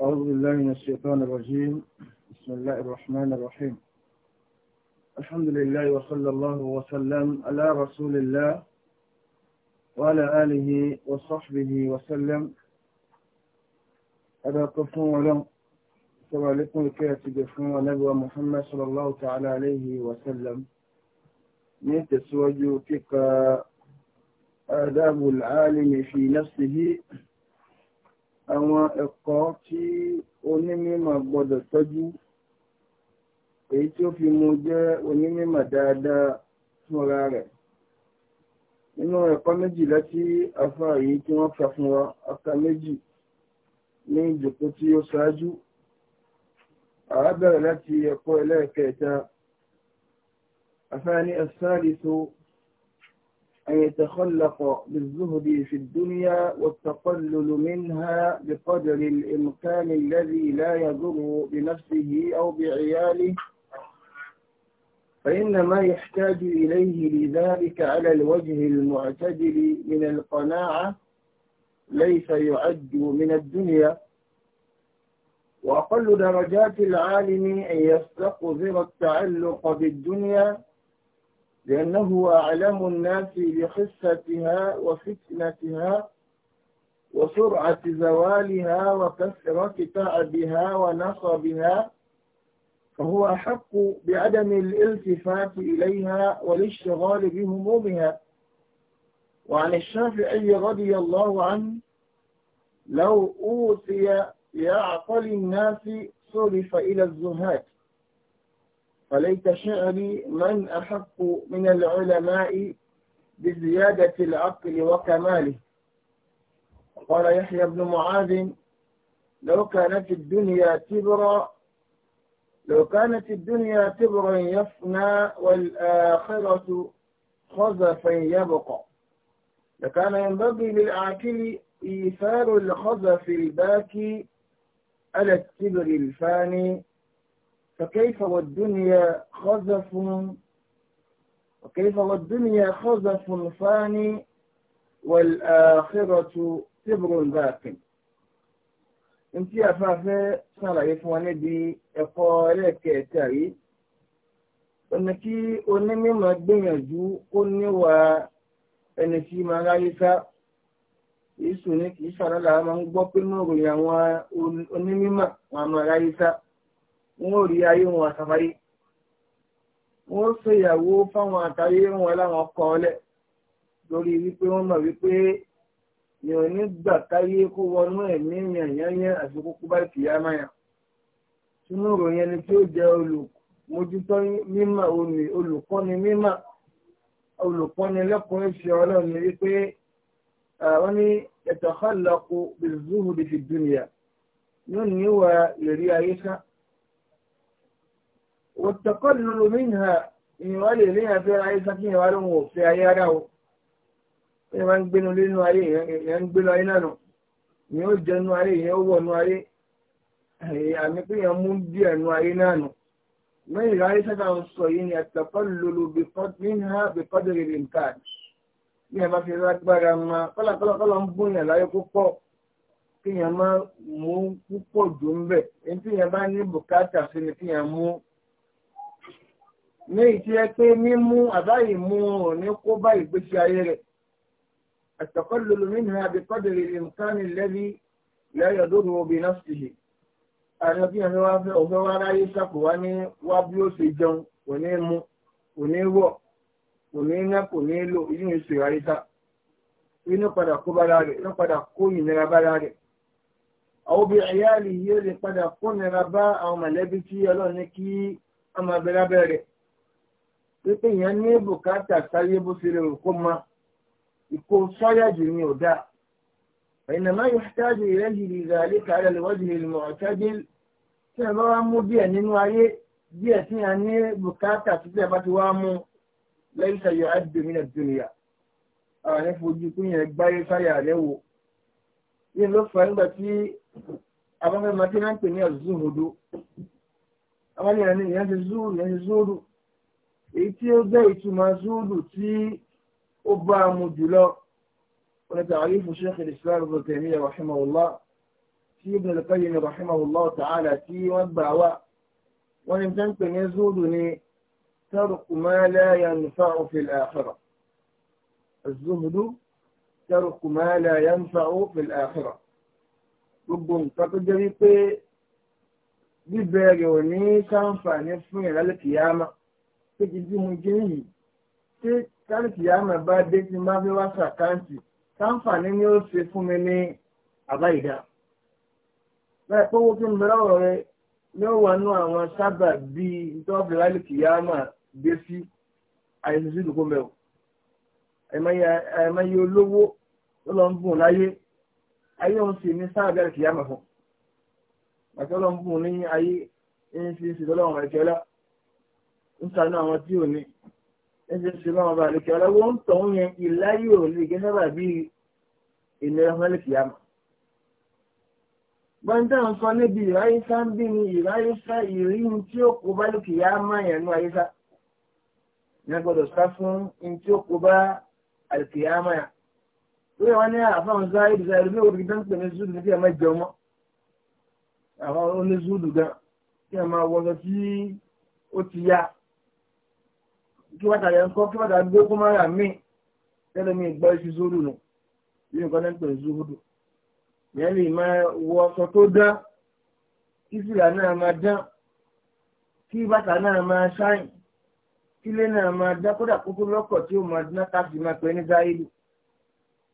أعوذ بالله من الشيطان الرجيم بسم الله الرحمن الرحيم الحمد لله وصلى الله وسلم على رسول الله وعلى آله وصحبه وسلم أبا قفون ولم سوى لكم الكاتب قفون ونبوى محمد صلى الله تعالى عليه وسلم من تسوج تقى آداب العالم في نفسه àwọn ẹ̀kọ́ tí onímọ̀ gbọ́dọ̀ tọ́jú èyí tí ó fi mú jẹ́ onímọ̀ dáadáa fúnra rẹ̀ nínú ẹ̀kọ́ méjìlá tí afá yìí tí wọ́n fà fún wa aka méjì ní ìjòkó tí ó ṣáájú àá bẹ̀rẹ̀ láti ẹ̀kọ́ ẹlẹ́ẹ̀kẹta afá ní ẹ̀sáàlì tó أن يتخلق بالزهد في الدنيا والتقلل منها بقدر الإمكان الذي لا يضر بنفسه أو بعياله فإن ما يحتاج إليه لذلك على الوجه المعتدل من القناعة ليس يعد من الدنيا وأقل درجات العالم أن يستقذر التعلق بالدنيا لأنه أعلم الناس بخفتها وفتنتها وسرعة زوالها وكثرة تعبها ونصبها فهو أحق بعدم الالتفات إليها والاشتغال بهمومها وعن الشافعي رضي الله عنه لو أوتي يعقل الناس صرف إلى الزهاد فليت شعري من أحق من العلماء بزيادة العقل وكماله قال يحيى بن معاذ لو كانت الدنيا تبرا لو كانت الدنيا تبرا يفنى والآخرة خزفا يبقى لكان ينبغي للعاكل إيثار الخزف الباكي على التبر الفاني فكيف والدنيا خزف وكيف والدنيا خزف فاني والآخرة تبر باق ntí afáfẹ́ ṣàlàyé fún wa níbi ẹ̀kọ́ ẹlẹ́kẹ̀ẹ́ta yìí ọ̀nà kí onímọ̀ gbìyànjú kó níwà ẹni tí máa ráyé sá kìí sùn ní kìí sàrọ́là máa ń gbọ́ pé mọ̀ròyìn àwọn onímọ̀ wọn máa ráyé sá wọ́n rí ayé wọn àtàfàyé wọ́n ṣèyàwó fáwọn àtàyé wọn láwọn kọ́ ọlẹ́ lórí wípé wọ́n mọ̀ wípé ni ò ní gbà káyé kó wọnú ẹ̀mí yàn yányán àti kókó bá kìí amáyàn sínú ìròyìn ẹni tí ó jẹ́ olùmójútó mímọ̀ olùkọ́ni mímọ̀ olùkọ́ni lẹ́kùnrin ṣe ọlọ́run ni wípé wọ́n ní ẹ̀tọ́ kọ́ lọ́kù bìzúhùdì fi dùnìyà yóò níwà ìrírí ayé sáà. والتقرر منها ìyìnwá lè ní àfẹ́ ayé sákìyàn wá lóhun òfin ayé ara o ẹ máa ń gbénu nínú ayé ìyẹn ń gbénu ayé náà nù ìyẹn ó jẹnu ayé ìyẹn ó wọ̀nu ayé àmì pé ìyẹn mú díẹ̀ nu ayé náà nù mẹ́rin ayé sábà ń sọ yìí ni àtàkọ́ lolo bíkọ́dínhá bíkọ́dínhá nǹkan bí ẹ bá fi lágbára ma kọ́làkọ́là ń bóyá láyé púpọ̀ kí ìyẹn máa mú púpọ̀ jù ń ní ìṣe pé mímú àbáyé mú ò ní kó bá ìgbésí ayé rẹ̀ at-taqallulu minha bi qadri al-imkan alladhi la yadurru bi nafsihi àwọn ọdún yẹn wá fẹ́ òfẹ́ wá ráyé sàkó wá ní wá bí ó ṣe jẹun kò ní mú kò ní wọ̀ kò ní ná kò ní lò inú ìṣe ráyé sá inú padà kó bára rẹ̀ inú padà kó ìnira bára rẹ̀ àwọn obì ẹ̀yà lè yé lè padà kó ìnira bá àwọn mọ̀lẹ́bí tí ọlọ́run ní kí ọmọ abẹ́rẹ́ abẹ́rẹ́ pípé yẹn ní bùkátà sáyé bó ṣe lè rò kó ma ìkó sọ́yà jù ní ọ̀dà ìnàmá yóò ṣáájú ìrẹ́jì ìgbà àlékà rẹ̀ lọ́wọ́dì ìlmọ̀ ọ̀ṣájú tí ẹ bá wá mú díẹ̀ nínú ayé díẹ̀ tí a ní bùkátà títẹ̀ bá ti wá mú lẹ́yìn ṣayọ àdìmínà dúnìyà àwọn ẹni kún yẹn gbáyé sáyà rẹ̀ wò yìí ló fà nígbà tí abáfẹ́ máa ti náà ń pè ní àzúhùdú àwọn ènìyàn ti zúùrù èyí tí ó jẹ́ ìtumọ̀ zúlù tí ó bá mu jùlọ wọn ta'arifu Shaykh al-Islam Ibn Taymiyyah rahimahullah tí Ibn al-Qayyim rahimahullah ta'ala tí wọ́n gbà wá wọ́n ní tán pè ní zúlù ní tarku ma la yanfa'u fil akhirah az-zuhdu tarku ma la yanfa'u fil akhirah gbogbo nǹkan tó jẹ́ wípé bíbẹ̀rẹ̀ ò sáǹfà ní fún ìrẹ́lẹ̀ kìyàmá kéjì tí mo jẹ́ yìí ṣé káàkì àmà bá dé tí má fi wá ṣàkáǹtì sáǹfààní ni ó ṣe fún mi ní àbá ìdá. báyìí pé owó tó ń bẹ̀rẹ̀ ọ̀rọ̀ rẹ ni ó wà nú àwọn sábà bíi ìtọ́jú láìkì àmà dé sí àìsàn sí ìdókòó mẹ́wọ̀. àìmọye olówó ló lọ ń bùn láyé ayé òun sì ní sáà bẹ́ẹ̀ kì í àmà fún. àti ọlọ́run bùn ní ayé ń fi ìṣèlú ọlọ́run ẹ̀kẹ́ ń sanú àwọn tí ò ní ẹsẹ̀ ṣe máa bá lè kí ọlọ́wọ́ ń tọ̀ ń yẹn ìláyé ò lè gé sábà bí ìnira mọ́lẹ̀kì àmọ́. gbọ́ndà ń sọ níbi ìráyésá ń bí ni ìráyésá ìrìn tí ó kó bá lókè yá máa yẹn nú ayésá. ní a gbọ́dọ̀ sá fún in tí ó kó bá àlùkè yá máa yà. lórí àwọn ní àfáwọn sáré ìdúrà ìlú bí òkè pè ní zúdù kí ẹ má jẹun mọ́. àwọn oní zúdù gan kí ẹ máa wọ kí bàtà yẹn kọ́ kí bàtà gbé kó má rà tẹ́lẹ̀ mi gbọ́ iṣu zoro nù bí nǹkan náà ń pè zoro yẹn lè máa wọ ọsọ tó dán kí fìlà náà máa dán kí bàtà náà máa ṣáìn kílé náà máa dán kódà kókó lọ́kọ̀ tí ó máa dán káfí máa pẹ́ ní záyélu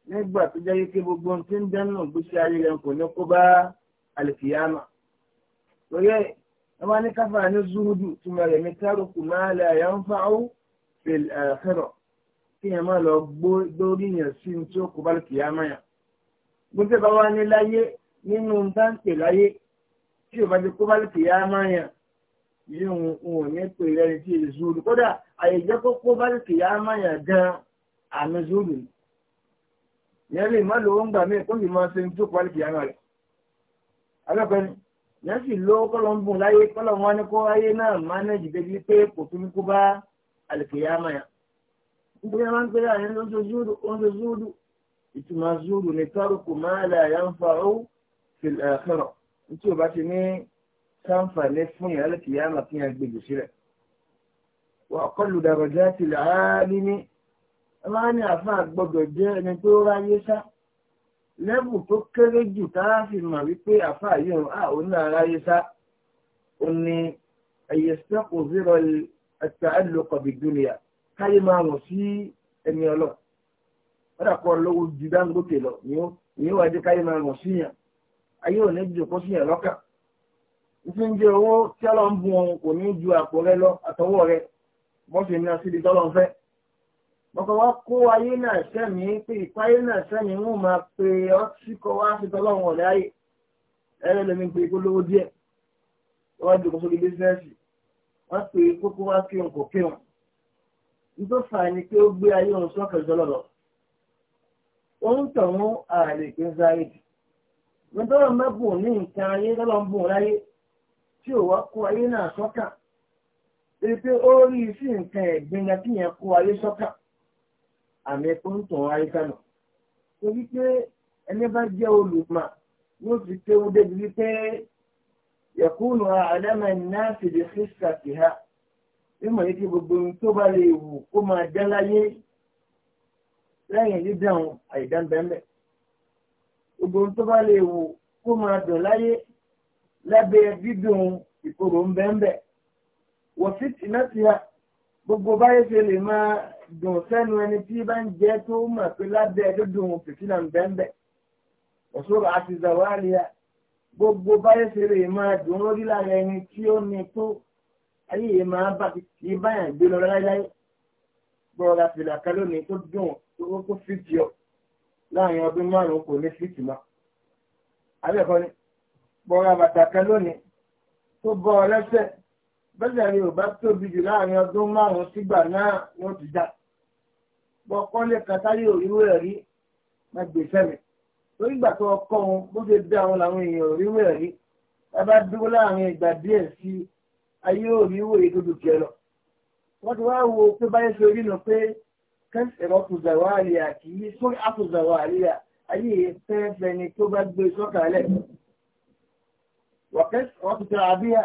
nígbà tó jẹ́ wípé gbogbo ohun tí ń dán náà gbèsè ayé rẹ̀ kò ní kó bá àlìkìyàmà lóye ẹ máa ní káfà ní zúrúdù tí mo rẹ̀ ní kárùkù máa lẹ̀ àyà ń fa ó fil akhirah kí yẹn máa lọ gbóríyàn sí ní tí ó kó bá kìí amáyà bó tẹ́ bá wá ní láyé nínú dáńtè láyé tí ò bá ti kó bá kìí amáyà yóò wọn ò ní pè lẹ́ni tí èyí zúlù kódà àyèjẹ́ kó kó bá kìí amáyà gan àmì zúlù yẹn lè má lówó ń gbà mí kó sì máa ṣe ní tí ó kó bá kìí amáyà rẹ̀ alákọ̀ọ́ni yẹn sì lówó kọ́lọ́ ń bùn láyé kọ́lọ́ wọn ní kó ayé náà mánéjì débi pé kò tún kó bá àlùkìyàmà yẹn nítorí wọn gbé àyè lóṣù zúdù oṣù zúdù ìtumọ̀ zúdù ní tọ́rùkù máa là yà ń fa ó fil akhirah nítorí o bá ti ní sáǹfààní fún yàrá àlùkìyàmà fún yàrá gbèjì sílẹ̀ wà aqallu darajati al-alimi máa ní àfáà gbọ́dọ̀ jẹ́ ẹni tó ráyé sá lẹ́bù tó kéré jù táà fi mọ̀ wípé àfáà yìí ń à òun náà التعلق بالدنيا káyé máa wọ̀ sí ẹni ọlọ́ ọ̀dà pọ̀ lọ́wọ́ ju dáńgókè lọ ni ó wájú káyé máa wọ̀ síyàn ayé ò ní jòkó síyàn lọ́kà ìfi ń jẹ owó tí ọlọ́ ń bu ohun kò ní ju àpò rẹ lọ àtọwọ́ rẹ bọ́sì ní asídi tọ́lọ́ ń fẹ́ bọ́kọ̀ wá kó ayé náà sẹ́mi pé ìpáyé náà sẹ́mi ń máa pe ọ́ sí kọ́ wá sí tọ́lọ́ wọn ọ̀lẹ́ ayé ẹ̀rẹ́ lómi pé kó lówó díẹ̀ wọ́n jòkó sórí wọ́n pe kókó wá kírun kò kírun nítorí fà ní pé ó gbé ayé òun sọ́kẹ̀jọ́ lọ́lọ́ òun tọ̀hún ààrẹ pé záyé ní tọ́lọ̀ ń bá bùn ní nǹkan ayé tọ́lọ̀ ń bùn láyé tí ò wá kó ayé náà sọ́kà èyí pé ó rí sí nǹkan ẹ̀gbin ya kíyàn kó ayé sọ́kà àmì ẹ̀kọ́ ń tọ̀hún ayé sánà torí pé ẹni bá jẹ́ olùmọ̀ yóò fi kéwú débi wípé yẹ̀kúnù àdámà náà ti di kírísítà sí ha mímọ̀ yìí kí gbogbo ohun tó bá lè wù kó máa dán láyé lẹ́yìn dídáhùn àìdánbẹ́mẹ́ gbogbo ohun tó bá lè wù kó máa dùn láyé lábẹ́ dídùn ìkorò ń wọ́n fi tì náà ti ha gbogbo báyé ṣe lè máa dùn sẹ́nu ẹni tí bá ń jẹ́ tó mọ̀ pé lábẹ́ dídùn fìtínà ń bẹ́ẹ̀ àti zàwárí ha gbogbo báyé ṣeré máa dùn lórí lára ẹni tí ó ní tó ayé yìí máa bá kí báyà gbé lọ láéláé gbọ́dọ̀ la fìlà kan lónìí tó dùn tó kó fìtì ọ láàrin ọdún márùn-ún kò ní fìtì mọ́ abẹ́ẹ̀kọ́ ni gbọ́dọ̀ bàtà kan lónìí tó bọ́ ọ lẹ́sẹ̀ bẹ́sẹ̀ ni ò bá tóbi jù láàrin ọdún márùn sígbà náà ni ó ti já gbọ́kọ́lé kàtàlí òyìnbó rẹ̀ má gbèsè mi torí ìgbà tó ọkọ wọn bó ṣe bí àwọn làwọn èèyàn rí wẹ̀ rí ẹ bá dúró láàrin ìgbà díẹ̀ sí ayé òrí wò èyí tó dùkẹ́ lọ. wọ́n ti wá wo pé báyé ṣe rí nù pé kẹ́sìtẹ̀rọ̀ kùzàwá àlìyà kì í sórí àkùzàwá àlìyà ayé fẹ́ẹ́fẹ́ ni tó bá gbé sọ́kàlẹ̀. wọ́n ti tẹ àbíyá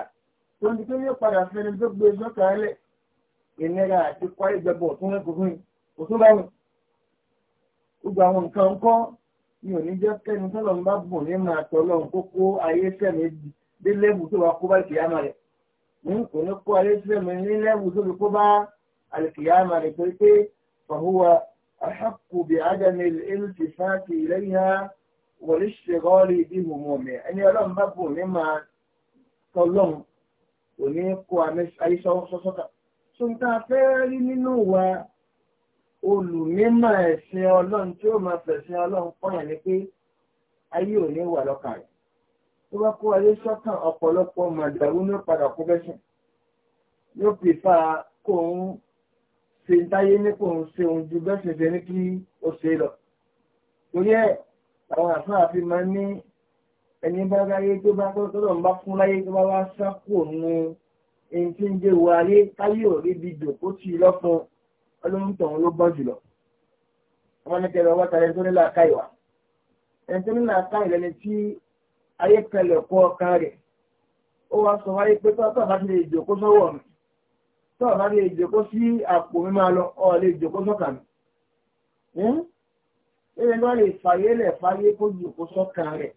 tó ń di pé yóò padà fẹ́ni tó gbé sọ́kàlẹ̀ ìnira àti kwari gbẹbọ tó ń rẹ kò fún yìí kò tún bá wọn. gbogbo àwọn nǹkan kan mi ò ní jẹ́ kẹ́ni tọ́lọ̀ ń bá bùn ní máa tọ́lọ̀ ń kókó ayé sẹ́mi dé lẹ́bù tó wà kó bá ìkìyàmà rẹ̀ ní kò ní kó ayé sẹ́mi ní lẹ́bù tó fi kó bá àlìkìyàmà rẹ̀ torí pé fàhùwà àhàkù bí ádámì ìlùtì fáàkì lẹ́yìn wọlé ṣègọ́ọ̀lì bí mòmò mi ẹni ọlọ́run bá bùn ní máa tọ́lọ̀ kò ní kó ayé sọ́sọ́kà. sọ́ńtà fẹ́ẹ́ rí nínú wa olùmímọ̀ ẹ̀sìn ọlọ́run tí ó máa fẹ̀sìn ọlọ́run pọ̀yàn ni pé ayé ò ní wà lọ́kàn rẹ̀ tó bá kó ayé sọ́kàn ọ̀pọ̀lọpọ̀ màdàrú ní padà kó bẹ́sìn yóò pè fà kó ń ṣe ń táyé ní kó ń ṣe òun ju bẹ́sìn ṣe ní kí ó ṣe lọ torí ẹ̀ àwọn àfáà fi máa ní ẹni bá ráyé tó bá kọ́ tọ́lọ̀ ń bá fún láyé tó bá wá sá kúrò nínú ẹni tí ń jẹ́ wọ ayé táyé ò olóńtọ̀hún ló gbọ́n jùlọ wọn ní kẹlẹ wọ́n tàbí nítorí làákà ìwà ẹni tó ní làákà ìlẹ̀ ni tí ayé kẹlẹ̀ kọ́ ọkàn rẹ̀ ó wá sọ wáyé pé tọ́tọ̀ bá ti lè jòkó sọ́wọ́ mi tọ́ọ̀ bá ti lè jòkó sí àpò mi máa lọ ọ̀ lè jòkó sọ́kàn mi hm? ẹni lọ́ lè fàyè lẹ̀ fàyè kó jòkó sọ́kàn rẹ̀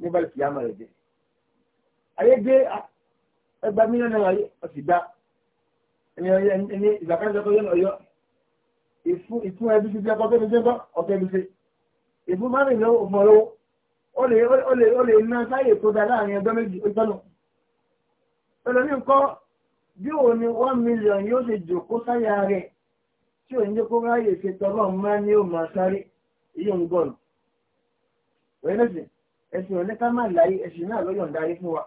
nígbà tí a máa rẹ̀ dé ayé dé ẹgbàá mílíọ̀nù ayé ọ̀sì dá ẹni ìgbàkájọ́ tó yẹn ọ̀yọ́ ìfún ẹbí ti jẹ́ ọkọ̀ jẹ́ ọkọ̀ ẹbí ṣe ìfún máa rìn lọ́wọ́ òfin ọlọ́wọ́ ó lè ó lè ná sáyè tó da láàrin ẹgbẹ́ méjì ó tọ́nà ẹlòmí nǹkan bí òun ni one million yóò ṣe jòkó sáyà rẹ̀ tí òun jẹ́ kó ráyè ṣe tọ́lọ́ máa ní òun máa sáré iye ń gọ̀nù wẹ́nẹ́sì ẹ̀sìn òní ká má láyé ẹ̀sìn náà ló yọ̀ǹda ayé fún wa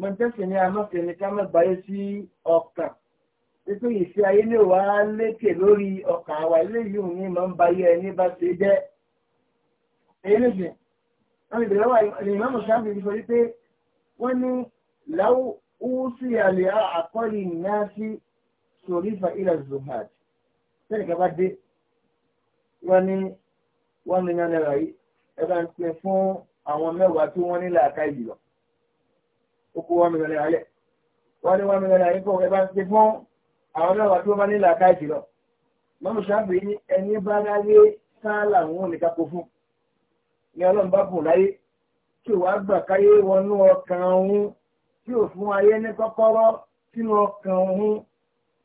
mọ̀tẹ́sì ni a má fẹ́ ni ká má báyé sí ọkàn títí ìṣe ayé ní òwá lékè lórí ọkàn àwa eléyìí òun ní máa ń ba ayé ẹni bá ṣe jẹ́. èyí ló ṣe wọn ìbẹ̀rẹ̀ wà ní ìmọ̀mù sáfì sọ wípé wọ́n ní láwù úsì àlè àkọ́lì náà sí sòrífà ìlà zohad sẹ́nìkà bá dé wọ́n ní one million naira yìí ẹ bá ń pín fún àwọn mẹ́wàá tí wọ́n ní làákà ìlú ó kó one million naira lẹ̀ wọ́n ní one million naira yìí kọ́ ẹ bá ń pín fún àwọn náà wà tí wọ́n bá nílà ká ìjìlọ mọ́mú sábì ní ẹni bá ráyé sáálà wọn ò ní kápò fún ni ọlọ́run bá bùn láyé tí ò wá gbà káyé wọnú ọkàn òun tí ò fún ayé ní kọ́kọ́rọ́ sínú ọkàn òun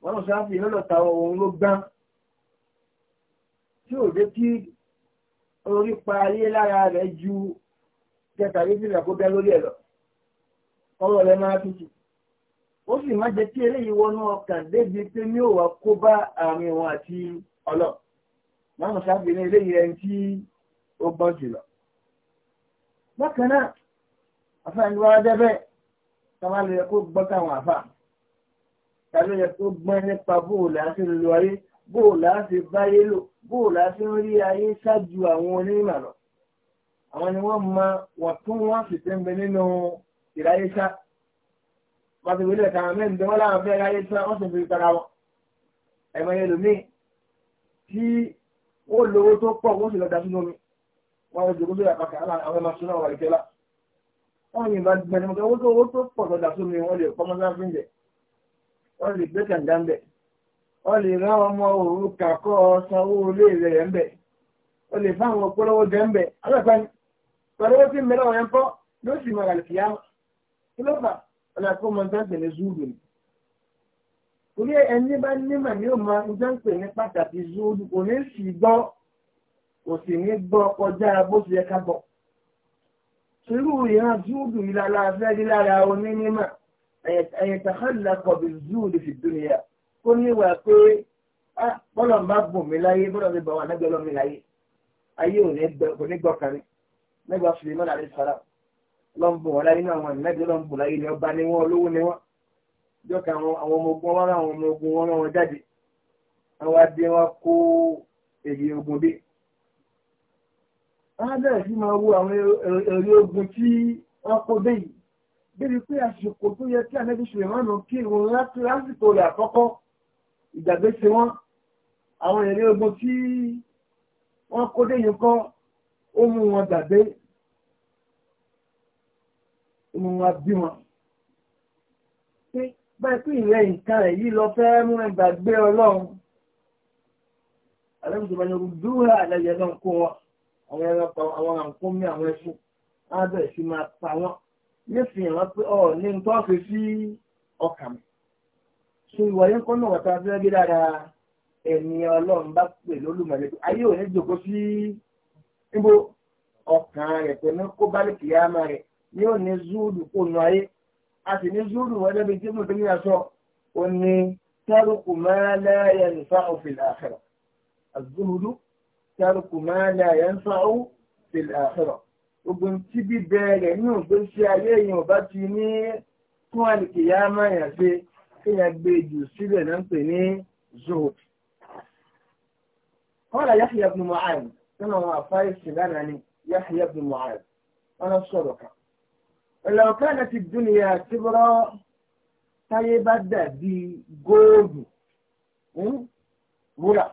mọ́mú sábì lọ́lọ́ta òun ló gbá tí ò dé kí orí pa ayé lára rẹ̀ ju kẹtàlélẹ́sìn rẹ̀ kó bẹ́ lórí ẹ̀ lọ ọwọ́ rẹ̀ máa tutù ó sì má jẹ́ kí eléyìí wọnú ọkàn débi pé ní òwà kó bá àárín wọn àti ọlọ máa ṣáàbì ní eléyìí ẹni tí ó gbọ́n jùlọ. bákan náà àfààní wa dẹ́bẹ̀ táwa lè yẹ kó gbọ́n káwọn àfà táwa yẹ kó gbọ́n nípa bóòlù àti lulu ayé bóòlù àti báyé lò bóòlù àti rí ayé ṣáájú àwọn onímọ̀ àwọn ni wọ́n mọ wọ́n tún wọ́n sì tẹ́ ń bẹ nínú ìráyé ṣáájú wọ́n ti wílẹ̀ kàwọn mẹ́rin tí wọ́n láwọn ráyé tí wọ́n sì fi tara wọn ẹ̀mọ́ yẹn lómi tí ó lówó tó pọ̀ wọ́n sì lọ da sínú omi wọ́n lọ jòkó sórí àpapọ̀ àwọn ẹ̀ma súná wà lẹ́kẹ́lá wọ́n yìnbá gbẹ̀dẹ̀ mọ́kẹ́ owó tó owó tó pọ̀ lọ da sínú omi wọ́n lè pọ́ mọ́sá fi ń jẹ wọ́n lè gbé kàǹdà ń bẹ̀ wọ́n lè rán ọmọ òru kàkọ́ sanwó ilé rẹ̀ ń bẹ̀ wọ́n lè fáwọn ọ̀nà kó mọ nígbà pè ní zúùdù ni. torí ẹni bá nímọ̀ ní òun máa nígbà pè ní pàtàkì zúùdù kò ní sì gbọ́ kò sì ní gbọ́ kọjá bó ti yẹ ká bọ̀. irú ìran zúùdù yìí lára fẹ́ rí lára onímọ̀ ẹ̀yẹ̀tàkàlàkọ̀ bí zúùdù fi dúnìyà kó níwà pé ah, bọ́lọ̀ ń bá bùn mí láyé bọ́lọ̀ mi bọ̀ wà lágbẹ́ ọlọ́mi láyé ayé ò ní gbọ́ kàrí nígbà Suleiman alayhi lọ́nbù wọn láyé náà wọn ìnájọ́ lọ́nbù láyé ni ọba ni wọn olówó ni wọn jọ́ka àwọn ọmọ ogun wọn rán àwọn ọmọ ogun wọn rán wọn jáde àwọn adé wọn kó èyí ogun dé. wọ́n á bẹ̀rẹ̀ sí máa wo àwọn èrè ogun tí wọ́n kó dé yìí débi pé àsìkò tó yẹ kí ànábì Sùlẹ̀mánù kí ìrun lásìkò rẹ̀ àkọ́kọ́ ìgbàgbé ṣe àwọn èrè ogun tí wọ́n kó dé yìí kọ́ ó mú wọn gbàgbé inú wa bímọ. báyìí pé ìrẹ́ nǹkan rẹ̀ yìí lọ fẹ́ mú ẹ gbàgbé ọlọ́run alẹ́mùsọ̀bá ni dúró àlẹ́yẹ náà kó wọn àwọn ẹranko àwọn àǹkó mi àwọn ẹṣin á bẹ̀rẹ̀ sí máa pa wọn nífìyàn wọn pé ọ ní nǹkan ọ̀fẹ́ sí ọkàn mi. ṣé ìwà yẹn kọ́ náà wọ́n ta fẹ́ gbé dáadáa ẹni ọlọ́run bá pè lólùmọ̀lẹ́ pé ayé òní jòkó sí níbo ọkàn rẹ̀ pẹ̀lú kó bá lè kìí àmà rẹ̀ yóò ní zúùdù kò nù ayé a sì ní zúùdù wọn débi tí mo ti ní aṣọ ò ní tẹ́rùkù máa láyà ń fa òfin àṣẹrọ àzúùdù tẹ́rùkù máa láyà ń fa òfin àṣẹrọ gbogbo tí bíbẹ rẹ ní ògbésí ayé èèyàn bá ti ní fún àlìkìyà máa yàn ṣe kéèyàn gbé jù sílẹ̀ náà ń pè ní zuhud. قال يحيى بن معاذ كما هو فايز سبانا يحيى بن معاذ أنا الصدقة ولو كانت الدنيا كبرى táyé bá dàbí góòlù rúrà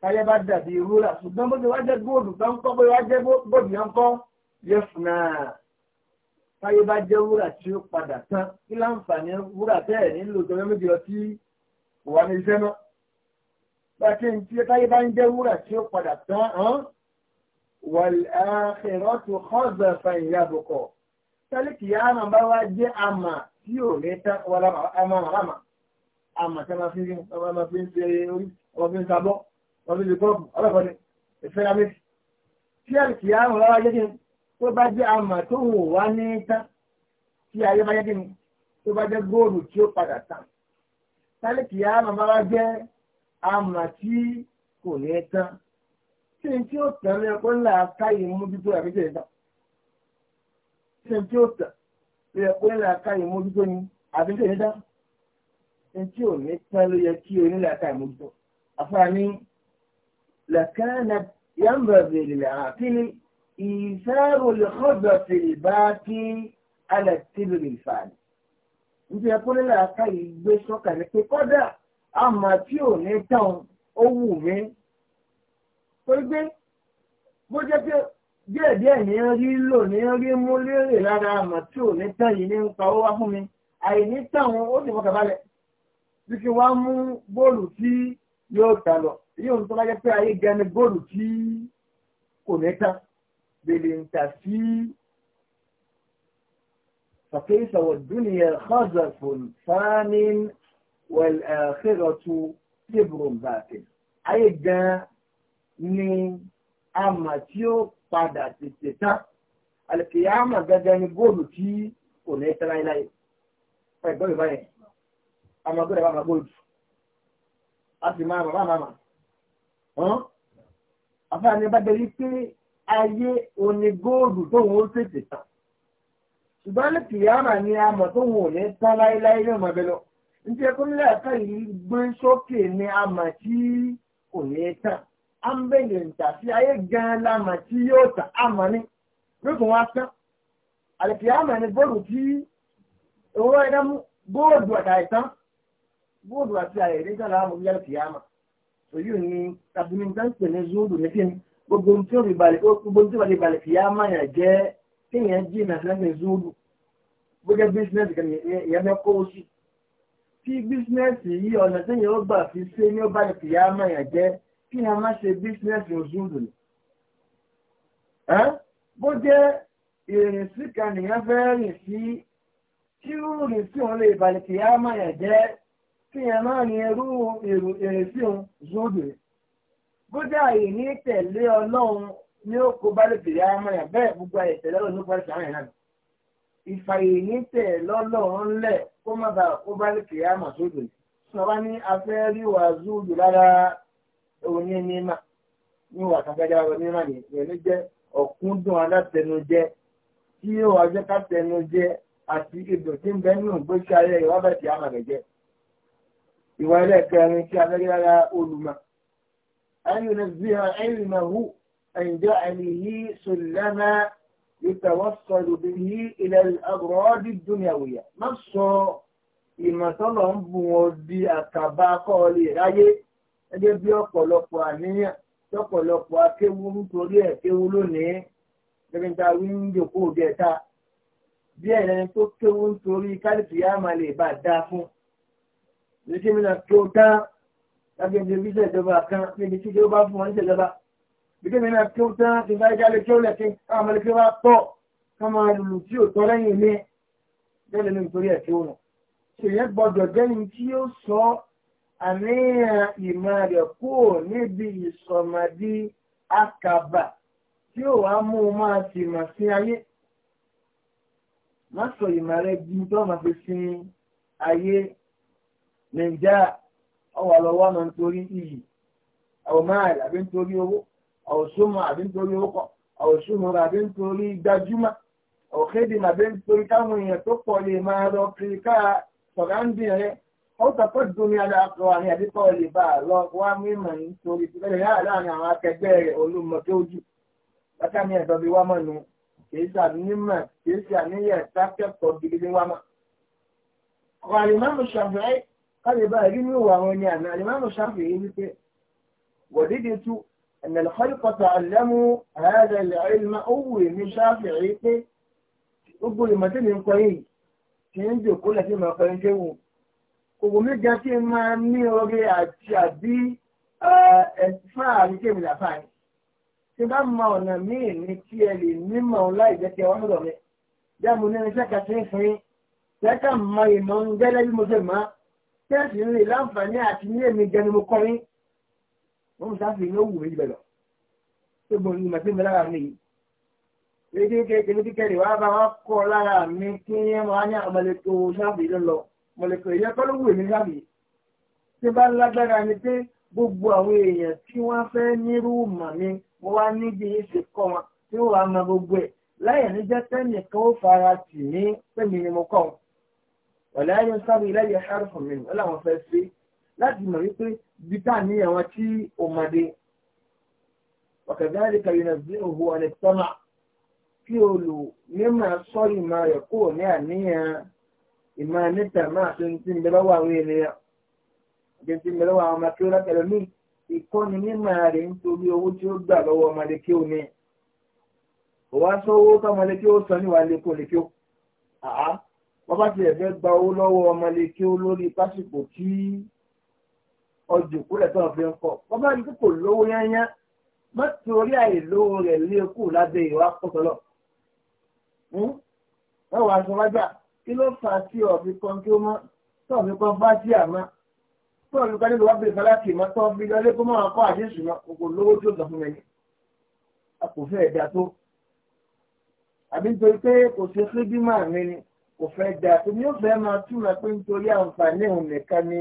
táyé bá dàbí rúrà ṣùgbọ́n bó ṣe wá jẹ́ góòlù bá ń kọ́ bó ṣe wá jẹ́ góòlù yẹn ń kọ́ yẹ́fùnà táyé bá jẹ́ rúrà tí ó padà tán kí láǹfààní rúrà bẹ́ẹ̀ nílò tó méjì lọ sí wà ní iṣẹ́ náà bàtí ní tí táyé bá ń jẹ́ rúrà tí ó padà tán wal akhiratu khazafan yabqa tẹ́lẹ̀ kìí àmà bá wá jẹ́ àmà tí ò rẹ̀ tán wọ́n àmà àmà àmà tí wọ́n fi ń ṣe orí wọ́n fi ń sabọ́ wọ́n fi ń ṣe kọ́ọ̀pù ọlọ́kọ̀ọ́dẹ ìfẹ́ la méjì tí ẹ̀rì kìí àmà bá wá jẹ́ kí ni tó bá jẹ́ àmà tó ń wá ní tán tí ayé bá jẹ́ kí ni tó bá jẹ́ góòlù tí ó padà tán tẹ́lẹ̀ kìí àmà bá wá jẹ́ àmà tí kò ní tán tí n tí ó tẹ̀lé ọkọ̀ ńlá káyé mójútó àbíjẹ́ ìtàn ṣe tí ó tà ló yẹ kó nílẹ̀ aka yìí mójútó ni àbí ṣe ní dá ṣe tí ò ní pẹ́ ló yẹ kí onílẹ̀ aka yìí mójútó àfààní lẹ́kẹ́nà yàmbẹ̀rẹ̀ lè àkíní ìfẹ́rù lè kọ́dọ̀ sí ìbá kí alẹ́ tìlù lè fààní. Ibi ẹ̀kọ́ nílẹ̀ aka yìí gbé sọ́kà ní pé kọ́dà àmà tí ò ní tán ó wù mí. Torí pé bó jẹ́ pé díẹ̀ díẹ̀ ní rí lò ní rí mú lérè lára àmọ̀ tí ò ní tán yìí ní ń pa ó wá fún mi àìní táwọn ó sì fọkàn balẹ̀ bí kí wọ́n mú góòlù tí yóò tà lọ èyí òun tó bá pé ayé gan ni góòlù tí kò ní tán bèlè ń tà sí فكيف والدنيا خزف فان والآخرة كبر باطل أي جا ni àmà tí ó padà tètè tán àlùkìyàmà gẹ́gẹ́ ni góòlù tí kò ní tẹ́ láéláé ẹ̀gbọ́n ìbá yẹn amagbó rẹ̀ bá ma góòlù a sì máa mọ̀ bá máa mọ̀ hàn àfáàní bá bẹ̀rẹ̀ pé ayé òní góòlù tóun ó tètè tán ṣùgbọ́n àlùkìyàmà ni a mọ̀ tóun ò ní tán láéláé ní ọmọ ẹbẹ lọ nítorí ẹ̀kọ́ nílẹ̀ ẹ̀ka yìí gbé sókè ni a mọ̀ tí kò ní tán ambẹ̀yẹ̀ntà sí ayé gan lámà tí yóò tà àmà ní lókun wá tán àlèkè àmà ní bóòlù tí owó ẹ̀dá mú bóòlù àti àìtán bóòlù àti àìrí gan láàmú bí àlèkè àmà òyìn ní tàbí nǹkan pè ní zúùdù ní kí ni gbogbo tí ó balẹ̀ gbogbo tí ó balẹ̀ balẹ̀ kì í àmà yàn jẹ́ kí yẹn jí ìnà sílẹ̀ ní zúùdù bó jẹ́ bísínẹ́sì kan yẹn fẹ́ kó o sí tí bísínẹ́sì yìí ọ̀nà tí yẹn gbà fi ṣe ní ó balẹ̀ kì í àmà yàn jẹ́ kí a má ṣe bísínẹ́sì òṣùlù ẹ́ bó jẹ́ ìrìn sí kan nìyẹn fẹ́ rìn sí tí rúurìn sí òun lè balẹ̀ kì á má yẹ̀ jẹ́ kí a má ní irú ìrìn sí òun zúdù bó jẹ́ àyè ní tẹ̀lé ọlọ́run ní ó kó balẹ̀ kì á má yẹ̀ bẹ́ẹ̀ gbogbo àyè tẹ̀lé ọlọ́run ló parí sàárín náà ìfàyè ní tẹ̀ lọ́lọ́run lẹ̀ kó má bàa kó balẹ̀ kì á má zúdù sọ ní afẹ́ wàá zúdù rárá oní mímà ní wà kàkàjà rẹ mímà ní ìyẹn jẹ́ ọ̀kúndùn alátẹnujẹ tí yóò wá jẹ́ kátẹnujẹ àti ibò tí ń bẹ nínú ìgbésí ayé ìwà bẹ̀ tí a mà rẹ̀ jẹ́. ìwà ẹlẹ́ẹ̀kẹrin tí abẹ́rẹ́ rárá olùmọ̀ ẹ̀yìn rẹ̀ bí ẹ̀yìn rẹ̀ hù ẹ̀yìnjẹ́ ẹni yìí sùlẹ́mà ìtẹ̀wọ́sọ̀rọ̀ bí ilẹ̀ àgùrọ̀ọ́dì dúnìyàwòyà má sọ ìmọ̀sọ́lọ̀ ń bù wọn di àkàbà kọ́ọ̀lì ráyé gẹ́gẹ́ bí ọ̀pọ̀lọpọ̀ àníyàn lọ́pọ̀lọpọ̀ akéwu nítorí ẹ̀ kéwu lónìí gẹ́gẹ́ bí awí ń yòókù òde ẹ̀ta bí ẹ̀rẹ́ni tó kéwu nítorí kálífì yá máa lè bá dá fún lóṣèlú náà tó dá lágbègbè bí ìṣèjọba kan níbi tí ó bá fún wọn ìṣèjọba bíkẹ́ mi náà tó dá ti bá ìjà lè kí ó káwọn ọmọlẹ́kẹ́ wá pọ̀ káwọn lùlù tí ò tọ́ lẹ́yìn mi bẹ́ẹ̀ lẹ́nu nítorí ẹ̀ kéwu nù ṣèyẹ gbọ́dọ̀ jẹ́ni tí ó sọ àníyàn ìmọ̀ rẹ̀ kúrò níbi ìsọ̀mọ̀dí akàbà tí ó wá mú un máa sì mọ̀ sí ayé. Má sọ ìmọ̀ rẹ̀ di tó máa fi sin ayé. Nàìjíríà ọwọ́ lọ́wọ́ náà nítorí iyì. Àwọn máa rẹ̀ àbí nítorí owó. Àwọn súnmọ́ àbí nítorí owó kọ̀. Àwọn àbí nítorí gbajúmọ̀. Òkèdè àbí nítorí káwọn èèyàn tó pọ̀ lè máa lọ kiri káà sọ̀rọ̀ ó kọ̀kọ́ domi aláàkọ́ àní àdíkọ́ lè bá a lọ wá mímọ̀ nítorí tí lẹ́yìn yára láàrin àwọn akẹgbẹ́ rẹ̀ olúmọ tó jù lọ́tà ní ẹ̀dọ́ bí wá mọ̀ nu kìí ṣàníyàn kìí ṣàníyàn sákẹ́kọ̀ọ́ gidi ní wá mọ̀. ọ̀rọ̀ àlìmọ́mù ṣàfihàn kálí bá rí ní ìwà wọn ni àná àlìmọ́mù ṣàfihàn wípé wọ̀dídì tú ẹ̀nẹ̀lẹ́kọ́lùkọ́tà àlẹ́mú ààrẹ gbogbo ìmọ̀tẹ́ni yìí kì í jòkó lẹ́sìn kòkò mi gan kí n máa ní orí àti àbí fún àárín kébìlì àfáàní tí bá ma ọ̀nà míì ní tí ẹ lè nímọ̀ láì jẹ́ kí ẹ wọ́n lọ́rẹ̀ jáàmù ní irinṣẹ́ kàtí ń fún yín lẹ́kà mọ ìmọ̀ ń gẹ́lẹ́ bí mo ṣe mọ́ tẹ́ẹ̀sì ń lè láǹfààní àti ní èmi gan ni mo kọ́ yín wọ́n mú sáfì ní òwú méjì bẹ̀rẹ̀ tó gbọ́n ní màtí mi lára mi yìí kékeré kékeré wàá bá wọn kọ́ lára mi kí wọ́n á mọ̀lẹ́kọ̀ ìyẹn kọ́ ló wù mí lábì tí bá lágbára ni pé gbogbo àwọn èèyàn tí wọ́n fẹ́ nírú mọ̀ mi mo wá níbi ìṣe kọ́ wọn tí ó wàá mọ gbogbo ẹ̀ láyé ní jẹ́ tẹ́nìkan ó fara tì ní pẹ̀lú ni mo kọ́ wọn. ọ̀lẹ́ ayé ń sábà ilé yẹn ṣáàrù fún mi ó làwọn fẹ́ ṣe láti mọ̀ wípé bíta ní àwọn tí ò mọ̀dé ọ̀kẹ̀dáàrí kàyọ̀nà bí òhu ọ̀nẹ́tọ́mà kí olùmímọ̀ sọ́ọ̀rì máa rẹ̀ kúrò ní àníyàn ìmọ̀ níta máa tó ń tí ń bẹ lọ́wọ́ àwọn ènìyàn àti tí ń bẹ lọ́wọ́ àwọn ọmọ kí ó lákẹ́lẹ́ mí ìkọ́ni mímọ̀ rẹ̀ nítorí owó tí ó gbà lọ́wọ́ ọmọdé kí ó ní kò wá sọ owó tọmọdé kí ó sọ níwàá lẹ́kọ̀ọ́ lẹ́kọ̀ọ́ àá wọ́n bá ti ẹ̀fẹ́ gba owó lọ́wọ́ ọmọdé kí ó lórí pásìkò tí ọjọ́ tó fi ń kọ́ wọ́n bá ní kò lówó yányá má àìlówó rẹ̀ lé e lábẹ́ ìwà pọ̀tọ́lọ̀ wọ́n wá aṣọ wájà kí ló fà á sí ọ̀bí kan kí ó mọ́ tó ọ̀bí kan bá sí àmọ́ tó ọ̀bí kan nílùú wá bèrè fálákì mọ́ tó ọ̀bí lọlé kó máa kọ́ àdéṣù náà kò lówó tí ó gbà fún ẹni. a kò fẹ́ ẹ̀dá tó àbí nítorí pé kò ṣe fídímà mi ni kò fẹ́ dà tó ní ó fẹ́ máa túmọ̀ pé nítorí àǹfààní òun nìkan ni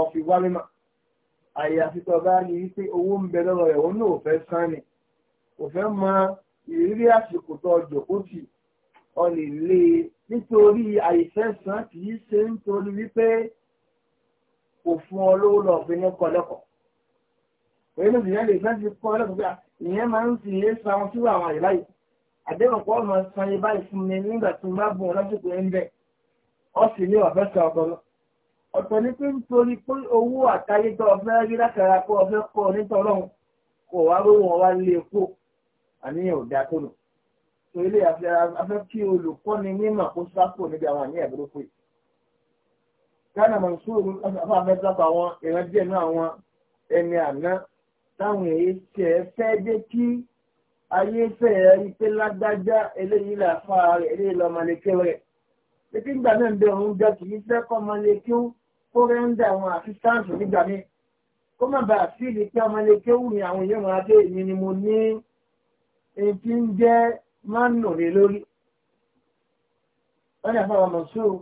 ọ̀fìn wá mímọ́ àyàfi tó bá rí pé owó ń bẹ lọ́wọ́ rẹ̀ òun náà ò fẹ́ sán ni kò fẹ́ mọ ìrírí àsìkò ọ̀lẹ̀ lé nítorí àìfẹ́sàn kì í ṣe nítorí wípé kò fún ọ lówó lọ fi ní kọlẹ́kọ̀ọ́. Èyí ló sì yẹn lè fẹ́ ti kọ́ lẹ́kọ̀ọ́ pé ìyẹn máa ń fi ìyẹn san sí àwọn àyè báyìí. Àdéhùn pọ̀ máa san iye báyìí fún mi nígbà tí mo bá bùn lásìkò ẹ̀ ń bẹ̀. Ó sì ní ọ̀fẹ́ san ọ̀tọ̀ lọ. Ọ̀tọ̀ ni pé nítorí pé owó àtayé tó ọ̀fẹ́ rí lákàrà pé ọ̀fẹ́ kọ́ nítorọ̀hún kò wá rówó wọn wá lé epo àníyàn ò dáa tó lò tó ilé afẹ́ kí olùkọ́ni mímọ̀ kó sápò níbi àwọn àníyàn burúkú yìí. Gánà Mansour afẹ́ sápò àwọn ìran díẹ̀ náà àwọn ẹni àná táwọn èyí tiẹ̀ fẹ́ dé kí ayé fẹ́ rí pé lágbájá eléyìí là fà rẹ̀ eléyìí lọ́ máa lè ké rẹ̀. Pété ìgbà náà ń bẹ òun jẹ́ kì í fẹ́ kọ́ máa lè kó rẹ̀ ń dà àwọn àfisáǹsì nígbà míì. Kó má bàa fíìlì pé ọmọ lè kéwù ni àwọn èèyàn máa dé ni mo ní èyí tí ń jẹ́ máa ń nù lé lórí wọ́n ní àfáwọn mọ̀súù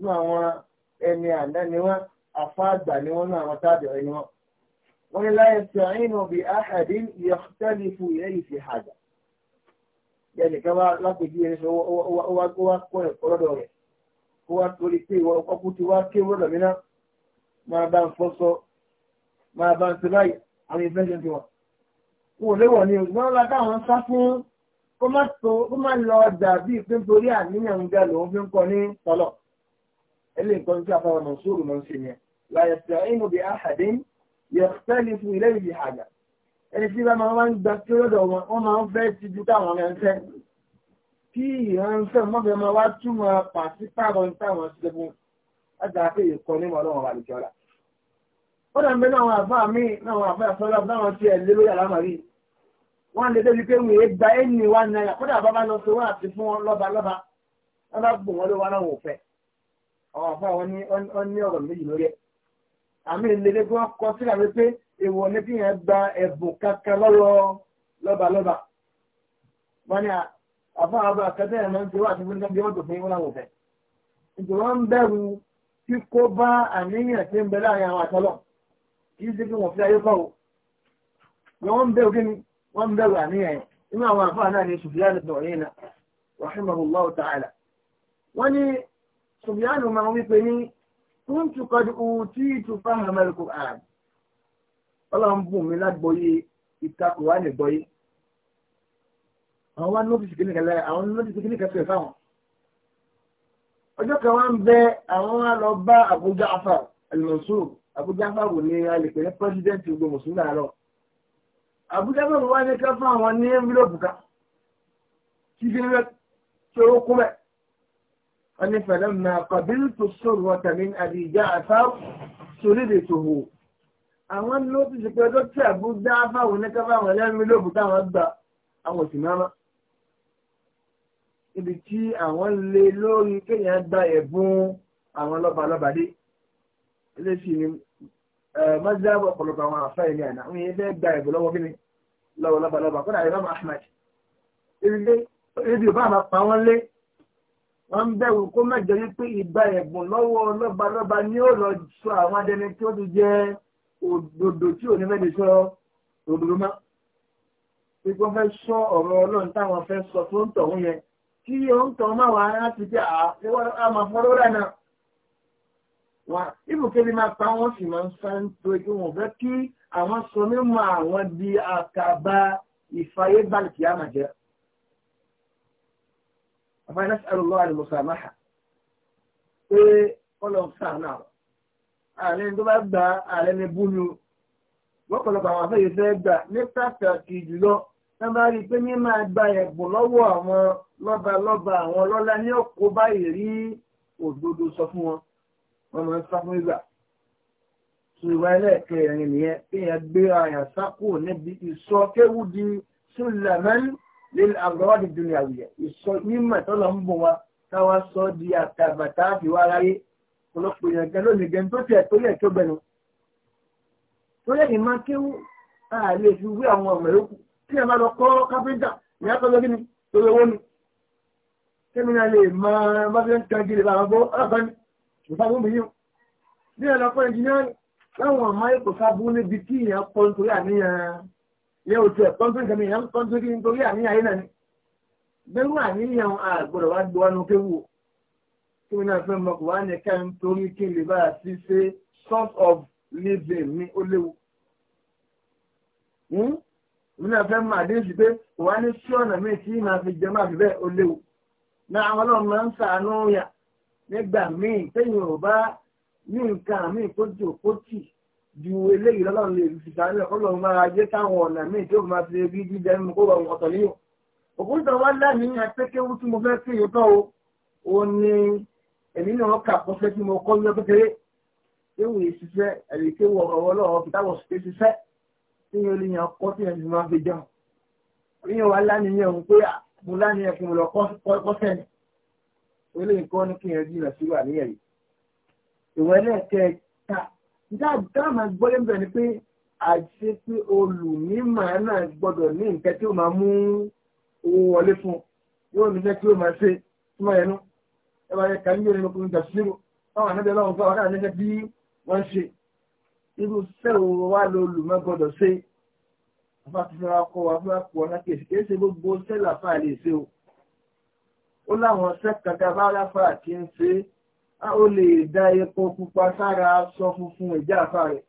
ní àwọn ẹni àná ni wọ́n afá àgbà ni wọ́n ní àwọn tábìlì ẹni wọ́n wọ́n ní láyé tí wọ́n ń bí àhàdín yọ̀tẹ́lì fún ilé ìfi àjà yẹ́nì kan wá lápèjì ẹni sọ wá kọ́ ẹ̀kọ́ lọ́dọ̀ rẹ̀ kó wá torí pé ìwọ ọkọ̀ ti wá kéwọ́ lọ́dọ̀ mi máa bá ń fọ́sọ́ máa bá ń ṣe báyìí àwọn ìfẹ́ kó má tó kó má lọ ọjà bíi pé nítorí àníyàn ń ga lòun fi ń kọ ní tọlọ eléyìí nǹkan tí àfọwọ́ mọ̀ sóòrò mọ̀ ń ṣe yẹn láyẹ̀ tẹ̀ inú bí àhàdé yẹ fẹ́lẹ̀ fún ilé ìdí àjà ẹni tí wọ́n máa ń gba kí lọ́dọ̀ wọn wọ́n máa ń fẹ́ ti ju táwọn ọmọ ẹ̀ ń fẹ́ kí ìránṣẹ́ máa wá túmọ̀ pàṣípàrọ̀ táwọn ṣẹ́gun látàkì ìkọ́ni mọ́ ọlọ́run àlùjọ́ra ó dàbí náà àwọn àfáà míì náà àwọn àfáà wọ́n lè débi pé wèé gba ẹni wá náírà kódà bàbá lọ sí wọ́n àti fún lọ́ba lọ́ba wọ́n bá gbò wọ́n ló wá láwọn òfẹ́ àwọn àfọ àwọn ní ọ̀rọ̀ méjì lórí ẹ̀ àmì ìlédè kí wọ́n kọ síra wípé èèwọ̀ ni kí yẹn gba ẹ̀bùn kankan lọ́wọ́ lọ́ba lọ́ba wọ́n ní àfọ àwọn akẹ́tẹ́ ẹ̀ máa ń ti wá àti fún níbi wọ́n tó fún wọn láwọn òfẹ́ ìjọba ń bẹ̀rù kíkó bá àníyàn tí ń bẹ láàrin àwọn àtọ́lọ̀ kí wọ́n ń bẹ̀rù àníyàn yẹn nínú àwọn àfáà náà ni Sufyan ibn Uyayna rahimahullahu ta'ala wọ́n ní Sufyan máa wípé ní kuntu qad utitu fahma al-Qur'an ọlọ́run bùn mi lágbóyé ìtakùwá nìgbóyé àwọn wá nótìsì kìnnìkan lẹ́yìn àwọn nótìsì kìnnìkan fẹ́ fáwọn ọjọ́ kan wá ń bẹ àwọn wá lọ bá Abu Ja'far al-Mansur Abu wò ní alẹ́ pẹ́sidẹ́ǹtì gbogbo mùsùlùmí àárọ̀ àbújá mẹ́rin wá ní ká fún àwọn ní envelope ká kí fi rẹ tí ó kú bẹ́ẹ̀. wọ́n ní fẹ̀lẹ́ mi náà kọ̀bílù tó sọ̀rọ̀ tàbí àdìjá àtàw sórí lè tó hù. àwọn ló ti ṣe pé ọjọ́ tí àbújá fáwọn ní ká fún àwọn ní envelope táwọn gbà àwọn òsì mẹ́rin ibi tí àwọn lè lórí kéèyàn gba ẹ̀bùn àwọn lọ́balọ́ba dé. eléyìí ni Eh, mọ́sáàbù ọ̀pọ̀lọpọ̀ àwọn àfá ilé àná àwọn ilé gba ẹ̀bùn lọ́wọ́ kí ni lọ́wọ́ lọ́balọ́ba kódà ìbámu Ahmad ilé ibi ìbá àmà pa wọ́n lé wọ́n ń bẹ̀rù kó mẹ́jọ wípé ìgbà ẹ̀bùn lọ́wọ́ lọ́balọ́ba ni ó lọ sọ àwọn adẹni tí ó ti jẹ́ òdòdó tí ò ní mẹ́ni sọ òdòdó mọ́ pé wọ́n fẹ́ sọ ọ̀rọ̀ ọlọ́run táwọn fẹ́ sọ tó ń tọ̀ wọn ibùkébi máa pa wọn sì máa ń sán torí pé wọn fẹ́ kí àwọn sọ mímọ àwọn di àkàbà ìfàyè báńkì àmàjẹ. àbáyé náà sàrò lọ́wọ́ àdìmọ̀sá máa pé ọlọ́run sàn náà ààrẹ tó bá gba ààrẹ ní búnú lọ́pọ̀lọpọ̀ àwọn afẹ́yẹ fẹ́ gbà ní pàtàkì jùlọ wọ́n bá rí i pé ní máa ẹ̀bùn lọ́wọ́ àwọn lọ́balọ́ba àwọn ọlọ́lá ní ọ̀kọ́ báyìí rí òdodo sọ fún wọn wọ́n máa ń sá fún ìgbà ṣùgbọ́n ẹlẹ́ẹ̀kẹrin nìyẹn kéèyàn gbé àyàn sákò níbi ìsọ kéwù di sùlẹ̀mẹ́lì lílẹ̀ àgọ́wádìí dunia wùyẹ̀ ìsọ mímọ̀ tó lọ ń bọ̀ wá káwá sọ di àtàbàtà àfiwá aráyé ọlọ́pọ̀ èèyàn gan lónìí gan tó tiẹ̀ tó yẹ tó bẹnu tó yẹ máa kéwù a fi wí àwọn ọmọ yòókù kí ẹ máa lọ kọ́ káfíńtà ìyá kan lọ kíni tó lè wọ́nu kẹ́mi náà lè máa bá fi ń tajú lè ìfàgbọ́n mi yíò bí ẹ lọ fún ẹnjìnírì láwọn ọmọ ayé kò sábú níbi tí ìyẹn pọ́ nítorí àníyàn yẹ òtún ẹ̀ pọ́ńtò nǹkan mi ìyẹn pọ́ńtò kí nítorí àníyàn ayé náà ni bẹ́rù àníyàn àgbọ̀dọ̀ wá gbọ́ wánú kéwù o kí mi náà fẹ́ mọ wá ní ká ń kí n lè bá a sí ṣe source of living ní ó léwu hmm? mi náà fẹ́ máa dín sí pé kò wá ní sí ọ̀nà míì tí màá nígbà míì tẹ́yìn ò bá ní nǹkan míì tó jò kó tì ju eléyìí lọ́lọ́run lè fi sàárẹ̀ ọlọ́run máa jẹ́ káwọn ọ̀nà míì tó máa fi ebi jíjẹ nínú kó rọrùn ọ̀tọ̀ níyàn. òkúta wa láàmìyàn pé kéwú tí mo fẹ́ sí yìí tán o ò ní èmi náà kà kọ́sẹ́ tí mo kọ́ ní ọdún kéré kéwú yìí ṣiṣẹ́ ẹ̀rí kéwú ọ̀rọ̀ ọlọ́run fi táwọn ṣiṣẹ́ tí yẹn olè yẹn kọ́ tí yẹn fi máa fi jẹun. oníyàn wa láàmìyàn pé eléyìí kọ́ ní kí n rí ìrìnà síwà ní ẹ̀yìn ìwọ ẹlẹ́ẹ̀kẹta dáadáa gbọ́dọ̀ bẹ̀rẹ̀ ni pé àṣẹ pé olùmímọ̀ náà gbọ́dọ̀ ní nǹkan tí ó máa mú owó wọlé fún yóò ní jẹ́ kí ó máa ṣe súnmọ́ ẹnu ẹ bá yẹ kàní yóò ní ọkùnrin jà sírò báwọn àná lọ́wọ́ fáwọn náà níṣẹ́ bí wọ́n ṣe irú sẹ́wọ̀ wá lolùmọ̀ gbọ́dọ̀ ṣe àfàtúnṣe wa kọ́ wa fún àpò ọ̀nà kèsì kèsì ó láwọn sẹ́kàtà bá ráfà kí ń ṣe ó lè da epo pupa sára aṣọ funfun ìjà àfà rẹ̀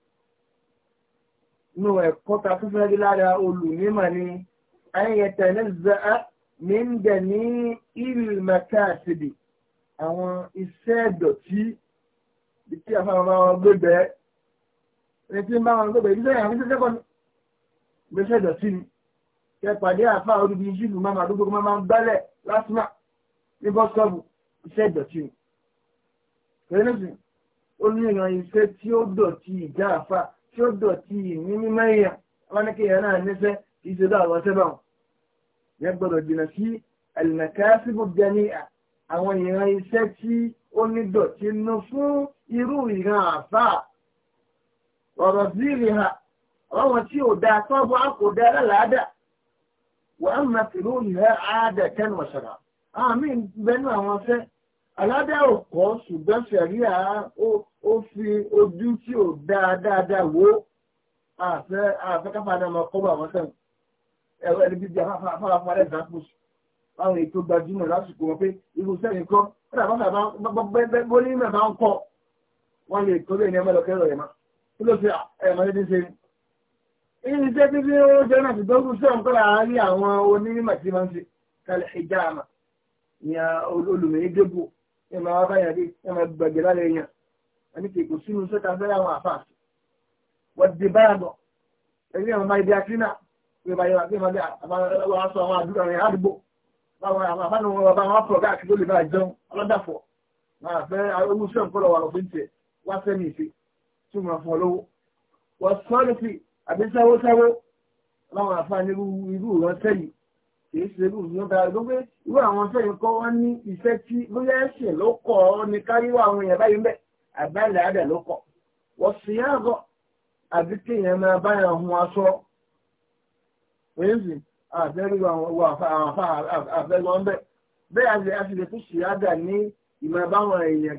nínú ẹ̀kọ́ ta fífẹ́ rí lára olùnímọ̀ ni ayẹyẹtẹ̀ ní za'a mi ń dẹ̀ ní ìlmẹ̀ká àṣìbì àwọn iṣẹ́ ìdọ̀tí bí kí àfàwọn bá wọn gbébẹ̀ ẹni tí ń bá wọn gbébẹ̀ ìdílé àwọn iṣẹ́ sẹ́kọ̀ọ́ ni ìdọ̀tí ni kẹ pàdé àfà olùbí ìṣìlú máa máa dúgbò máa máa gbálẹ̀ lásìmá ní bọ́sọ̀bù iṣẹ́ ìdọ̀tí o kẹ́lẹ́sì ó ní ìran iṣẹ́ tí ó dọ̀tí ìjà àfà tí ó dọ̀tí ìní mímọ́ èèyàn amánikẹ́yà náà níṣẹ́ kì í ṣe dá àwọn ṣẹ́bà wọn yẹn gbọ́dọ̀ jìnnà sí àlìmọ̀káṣíbù jẹ́ni àwọn ìran iṣẹ́ tí ó ní dọ̀tí nu fún irú ìran àfà ọ̀rọ̀ sí ìrìn ha àwọn tí ò dáa tọ́gbọ́n kò dáa lálàádà wọ́n á máa fèrè òyìnbá àádà kẹ́nu ọ̀ṣọ̀rọ̀ àmì bẹnu àwọn fẹ́ aládé òkọ́ ṣùgbọ́n sẹ̀ríà ó fi ojú tí ò dáadáa wò ó àfẹ́ àfẹ́káfàdà máa kọ́ bá wọn sẹ́wọ̀n ẹ̀rọ ẹni bíbí afáfáfá rẹ̀ examples àwọn ètò gbajúmọ̀ lásìkò wọn pé irú sẹ́yìn kọ́ wọ́n àwọn bàbá bọ́lí mẹ́ bá ń kọ́ wọ́n lè tó lè ní ẹmọ́ lọ́kẹ́rọ ẹ̀má kí ló fi ẹ̀mọ́ ní ṣe ní. ìyí iṣẹ́ tí bí ó jẹ́ náà ṣùgbọ́n irú sẹ́yìn kọ́ láàárín àwọn onímọ̀ tí wọ́n ń ṣe kalẹ̀ ìjà àmà ní olùmìnirí débò ẹ máa wá báyà dé ẹ máa gbàgbé lára èèyàn wọn ní kò sínú sọ́ta fẹ́ àwọn àfà wọ́n ti báyà bọ̀ ẹgbẹ́ àwọn máa ibi akínà pé báyà wà pé máa sọ àwọn àdúrà rẹ̀ àdúgbò báwọn àbánu wọn bá wọn pọ̀ káàkiri olè bá jẹun ọlọ́dàfọ̀ máa fẹ́ olùsọ̀ nǹkọ́lọ̀ wà lọ́fẹ́ tiẹ̀ wá sẹ́ni ìfẹ́ tí wọ́n fọ́ lọ́wọ́ wọ́n sọ́ọ́ lọ́sí kì í ṣe irú ìlú dára gbogbo irú àwọn iṣẹ́ yìí kọ́ wọ́n ní iṣẹ́ tí bóyá ẹ̀ṣẹ̀ ló kọ́ ọ ní káríwá àwọn èèyàn báyìí ń bẹ̀ àbálẹ̀ àdà ló kọ́ wọ́n sì yá àgọ́ àbí kéèyàn máa kí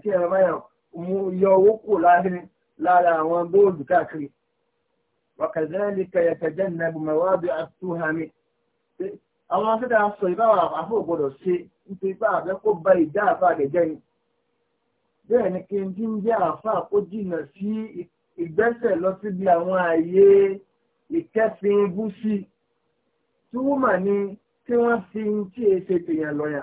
ẹ̀rọ báyà mú yọ owó kù láàrin lára àwọn góòlù káàkiri wàkàzẹ́rẹ́ ní kẹyẹkẹjẹ́ nàbùmọ̀wádìí àtúhàmì àwọn akẹ́dà sọ ìbáwà àfò gbọdọ̀ ṣe nítorí pé àfẹ́ kó bá ìdá àfà àgẹ̀jẹ́ ni bẹ́ẹ̀ ni kí n tí ń jẹ́ àfà kó jìnà sí ìgbésẹ̀ lọ síbi àwọn ààyè ìkẹ́fin gúúsì tí wúmà ni tí wọ́n fi ń tí e ṣe tèèyàn lọ́yà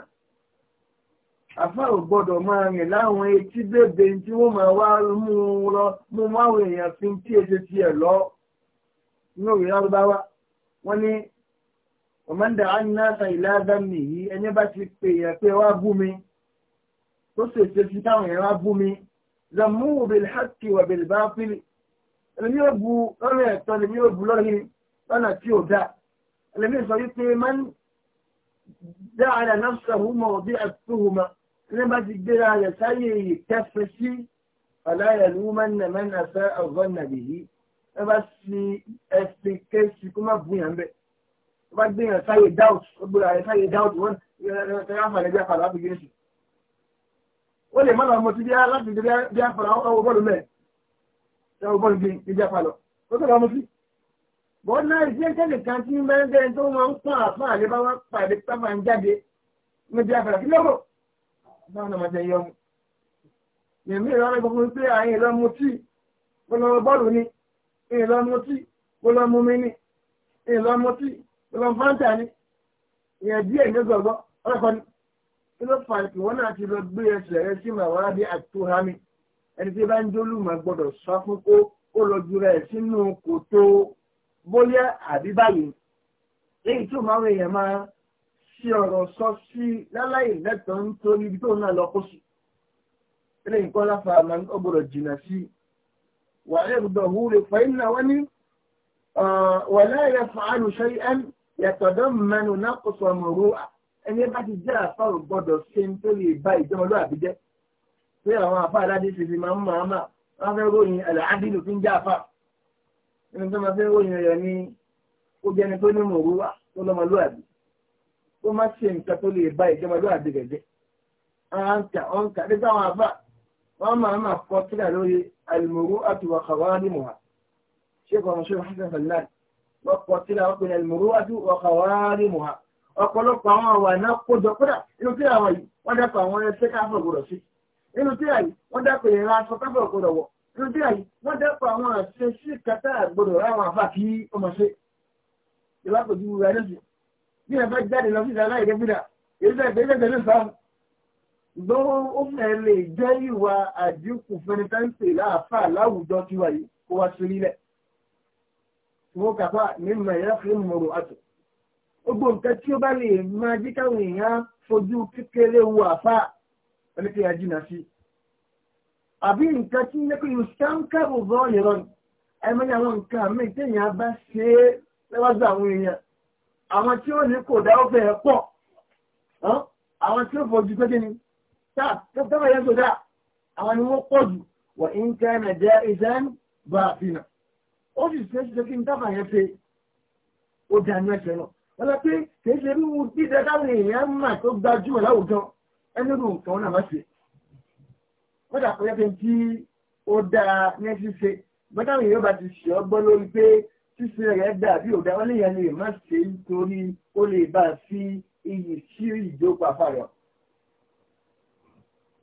àfà ò máa rìn láwọn etí bèbè tí wọ́n máa wá mú un lọ mú máwọn èèyàn fi ń tí e ṣe tiẹ̀ lọ ní òwe lárúbáwá wọ́n ní ọmọdé àìnáta ìlàdá mi yìí ẹni bá ti pè yẹn pé wá bú mi tó ṣèṣe sí táwọn yẹn wá bú mi zamuhu bil haqqi wa bil batil ẹlẹ́mí ò bu lọ́rọ̀ ẹ̀tọ́ ẹlẹ́mí ò bu lọ́rọ̀ lọ́nà tí ò dá ẹlẹ́mí sọ wípé man ja'ala nafsahu mawdi'a tuhuma ẹni bá ti gbéra rẹ̀ sáyé ìtẹ́fẹ́ sí fala yalumanna man asa'a dhanna bihi ẹ bá ti ẹ̀sìn kẹ́sì kó má bú yàn bẹ́ẹ̀ tó bá gbé yàn sáyé doubt ó gbé yàn sáyé doubt wọn tẹ́lẹ̀ àfàlẹ́ bí àfàlẹ́ àfi gẹ̀ẹ́sì. ó lè má lọ mọ sí bí láti gbé bí àfàlẹ́ ọwọ́ bọ́ọ̀lù mẹ́ẹ̀ ṣe ọwọ́ bọ́ọ̀lù gbé bí àfàlẹ́ ó tó lọ mọ sí. bọ́ọ̀ náà ìṣe ìṣẹ́lẹ̀ kan tí mẹ́rẹ́ndẹ́rin tó máa ń pọ́n àfọ́n àlẹ́ bá wá pàdé tábà ń jáde ní bí àfàlẹ́ kí lọ́rọ̀ báwọn ọmọ jẹ yọmú èmi ìrọ̀rẹ́ gbogbo pé àyìn ìlọ mu tí gbọlọmọ bọ́ọ̀lù ni ìlọ mu tí gbọlọmọ mi ni ìlọ mu tí ọlọ́run fáńtà ni ìyẹn díẹ̀ ní gbọ̀gbọ́ ọlọ́kọ ni kí ló fà kí wọ́n náà ti lọ gbé ẹsẹ̀ rẹ sí màwárà bí àtúhámi ẹni tí bá ń jólùmọ̀ gbọ́dọ̀ sọ fún kó ó lọ jura ẹ̀ sínú kòtò bóyá àbí báyìí èyí tó máa ń èèyàn máa ṣe ọ̀rọ̀ sọ sí láláì lẹ́tọ̀ọ́ nítorí ibi tó náà lọ kó sí eléyìí kọ́ láfa máa ń gbọ́dọ̀ jìnnà sí wàhálà ìrùdọ̀ húre fàyínà yàtọ̀dọ̀ mẹ́nu náà kó sọ ọmọ òru ẹni bá ti jẹ́ àfa ò gbọ́dọ̀ ṣe ń tó lè bá ìjọ ọlọ́àbí jẹ́ pé àwọn àfa aládé ti fi máa ń máa mà wọ́n fẹ́ ròyìn àdínù fi ń jẹ́ àfa ẹni tó máa fẹ́ ròyìn rẹ̀ ni ó jẹ́ ẹni tó ní mọ̀ òru wa tó lọ́mọlúàbí ó má ṣe nǹkan tó lè bá ìjọ ọlọ́àbí rẹ̀ jẹ́ ọ̀nkà ọ̀nkà nígbà àwọn àfa wọ́n máa máa kọ́ tíra wọ́n kọ síra wọn pè ní ẹlùmọ̀rúwájú ọkà wárí mùhà ọ̀pọ̀lọpọ̀ àwọn àwọn àná kójọ kódà inú tí àwọn yìí wọ́n dápọ̀ àwọn ẹsẹ̀ káfọ̀ gbọdọ̀ sí inú tí àyè wọ́n dápọ̀ ìrìn aṣọ káfọ̀ gbọdọ̀ wọ̀ inú tí àyè wọ́n dápọ̀ àwọn àṣẹ sí kàtà gbọdọ̀ ráwọn àfà kí ọmọ ṣe ìwákòjú rẹ̀ lóṣù bí ẹ bá jáde lọ síta láì débìdà ìrúfẹ́ ìgbésẹ̀ mo kàfà mímọ ẹ̀yà fún mọ̀rọ̀ àtọ̀. gbogbo nǹkan tí ó bá lè máa jí káwọn èèyàn fojú kékeré wo àfà ẹni tí a jìnà sí. àbí nǹkan tí ń lékún ìṣàǹkàrò bọ́ọ̀ lè rọrùn ẹ̀mọ́ ní àwọn nǹkan àmì téèyàn bá ṣe é lẹ́wọ́sí àwọn èèyàn àwọn tí ó ní kò dá fẹ́ pọ̀ àwọn tí ó fojú kékeré ni tá tó bá a ó sì ṣe ṣe kí n dábàá yẹn pé ó da ní ẹsẹ̀ náà wọ́n lọ pé kìí ṣe bí dídẹ táwọn èèyàn mà tó gbajúmọ̀ láwùjọ ẹni rò nǹkan náà má ṣe wọ́n dà pé pé tí ó dáa ní ṣíṣe bọ́n táwọn èèyàn bá ti ṣe ọgbọ́n lórí pé ṣíṣe rẹ̀ dà bí ò dá wọ́n lè yẹn lè má ṣe nítorí ó lè bá a fi iyì sí ìjókòó àfàrọ̀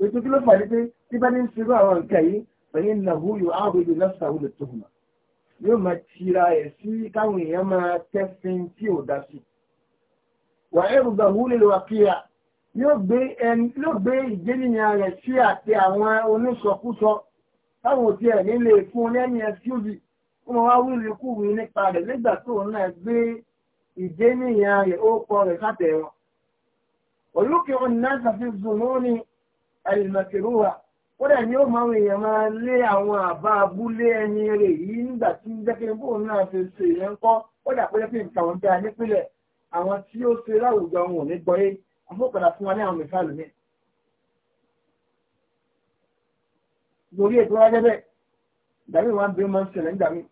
ètò kí ló fà ní pé tí bá ní ń ṣerú àwọn nǹkan yìí pẹ̀lú ìnáwó yóò áwòrán lọ́sàáwò lè tó hùmà yóò máa tira ẹ̀ sí káwọn èèyàn máa tẹ́fin tí ò dá sí. wà ẹrù gbàgbó nílò àkíyà yóò gbé ẹni yóò gbé ìgbéníyàn rẹ̀ sí àti àwọn onísọkúsọ táwọn òtí ẹ̀ nílé fún lẹ́ni ẹ̀fúdì wọ́n máa wá wíìlì nípa rẹ̀ nígbà tó náà gbé ìgbéníyàn rẹ̀ ó kọ rẹ̀ sátẹ̀ wọn. olùkẹ́ ọ̀nà sàfihàn ní ẹ̀lìmọ̀kẹ́rù kódà ni ó máa ń èèyàn máa lé àwọn àbá abúlé ẹni rẹ̀ yìí nígbà tí jẹ́kẹ́ bóun náà ṣe ṣe ìyẹn kọ́ kódà pé jẹ́kẹ́ nǹkan àwọn tí a nípìnlẹ̀ àwọn tí ó ṣe láwùjọ wọn ò ní gbọ́yé àfọ́kàdà fún wa ní àwọn mẹ́fà lónìí. lórí ètò wájẹ́ bẹ́ẹ̀ ìdàmí wọn bí wọ́n máa ń ṣẹlẹ̀ nígbà míì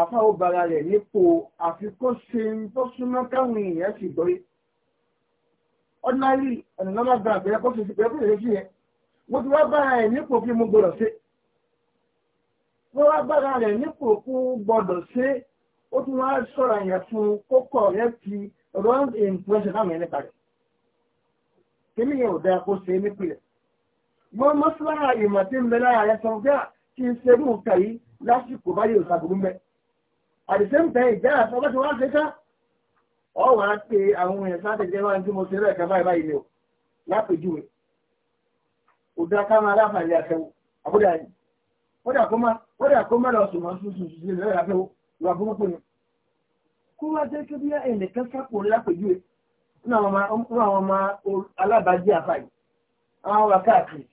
afá ó bara rẹ̀ nípò àfikún ṣe ń tó súnmọ́ káwọn èèyàn sì gbọ́yé. ordinary ọ̀nà lọ́mọ mo ti wá bára ẹ̀ nípò kí mo gbọ́dọ̀ ṣe mo wá bára rẹ̀ nípò kó gbọ́dọ̀ ṣe ó tún wá sọ̀rọ̀ yẹn fún kókọ̀ rẹ̀ ti wrong impression láwọn ẹni parẹ̀ kìíní yẹn ò dáa kó ṣe nípìnlẹ̀ mo mọ́sílára ìmọ̀ tí ń bẹ lára rẹ̀ sọ pé ah, kí n ṣerú nǹkan yìí lásìkò báyìí ò ṣàbùrú mẹ́ àdìsẹ́ ń tẹ ìjà àti ọgbẹ́ tí wọ́n á ṣe ká ọ̀ wá pé àwọn èèyàn sáà tẹ̀lé wá ní tí mo ṣe rẹ̀ kẹ́ báyìí báyìí ni ò lápèjúwe kò ká máa láǹfààní àfẹ́wò àbúdá yìí kódà kó má kódà kó má lọ àfẹ́wò ìwà burúkú ni. kó wá jẹ́ kí bí ẹnìkan sápò lápèjúwe nínú àwọn ọmọ alábàájẹ́ àfàyè àwọn wà káàkiri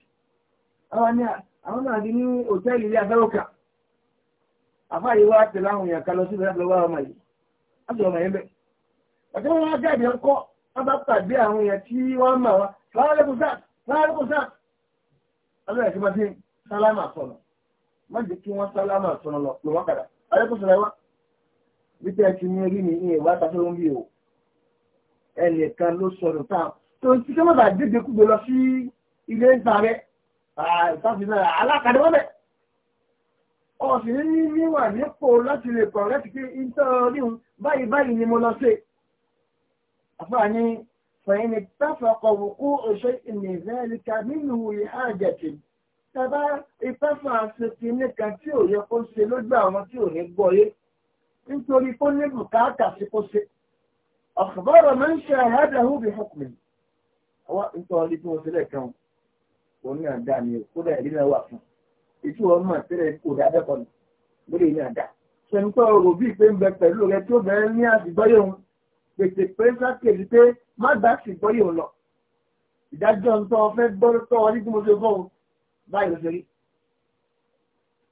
àwọn ní àwọn náà di ní ilé afẹ́wò kà wa tẹ̀lé àwọn èèyàn kan lọ sí ìlú ọmọ yìí ọlọ́run ẹ̀sìn máa ti sálámà sọ̀nà má jẹ́ kí wọ́n sálámà sọ̀nà lọ pé wọ́n kàdà ayẹ́kùn sọ̀rọ̀ wá bí tẹ́ ẹ ti ní rí ni ìyẹn ìwà àtàfẹ́ ń bí o ẹnìkan ló sọ̀rọ̀ táwọn tó ń ti kí wọ́n bá dédé kúgbe lọ sí ilé ń sàrẹ́ àtàfihàn alákàdé wọ́n bẹ̀ ọ̀sìn ní níwà nípò láti lè kọ̀ láti pé ìtọ́ ríhun báyìí báyìí ni mo lọ sí àfáà ní فإن اتفق وقوع شيء من ذلك منه لحاجة tàbá ìfẹ́fà ṣètì nìkan tí ò yẹ kó ṣe lójú àwọn tí ò ní gbọ́ yé nítorí kó ní bùkátà sí kó ṣe ọ̀kọ̀bọ̀rọ̀ máa ń ṣe àyájà húbi hukmin àwọn nítorí tí wọ́n sílẹ̀ kan kò ní àdá ni kó dà ìdí náà wà fún ìtú wọn mọ̀ sílẹ̀ kò dá bẹ́ẹ̀ kọ́ni lórí ní àdá ṣe ń tọ́ òrò bíi pé ń bẹ pẹ̀lú rẹ tí ó bẹ̀rẹ̀ ní àtìgbọ́yé òun pèsè pẹ́sàkè ní pé má gbà sí gbọ́ yìí lọ ìdájọ́ ń tọ́ fẹ́ gbọ́ tọ́ ọ nígbà mo ṣe fọ́ báyìí lọ́sẹ̀ rí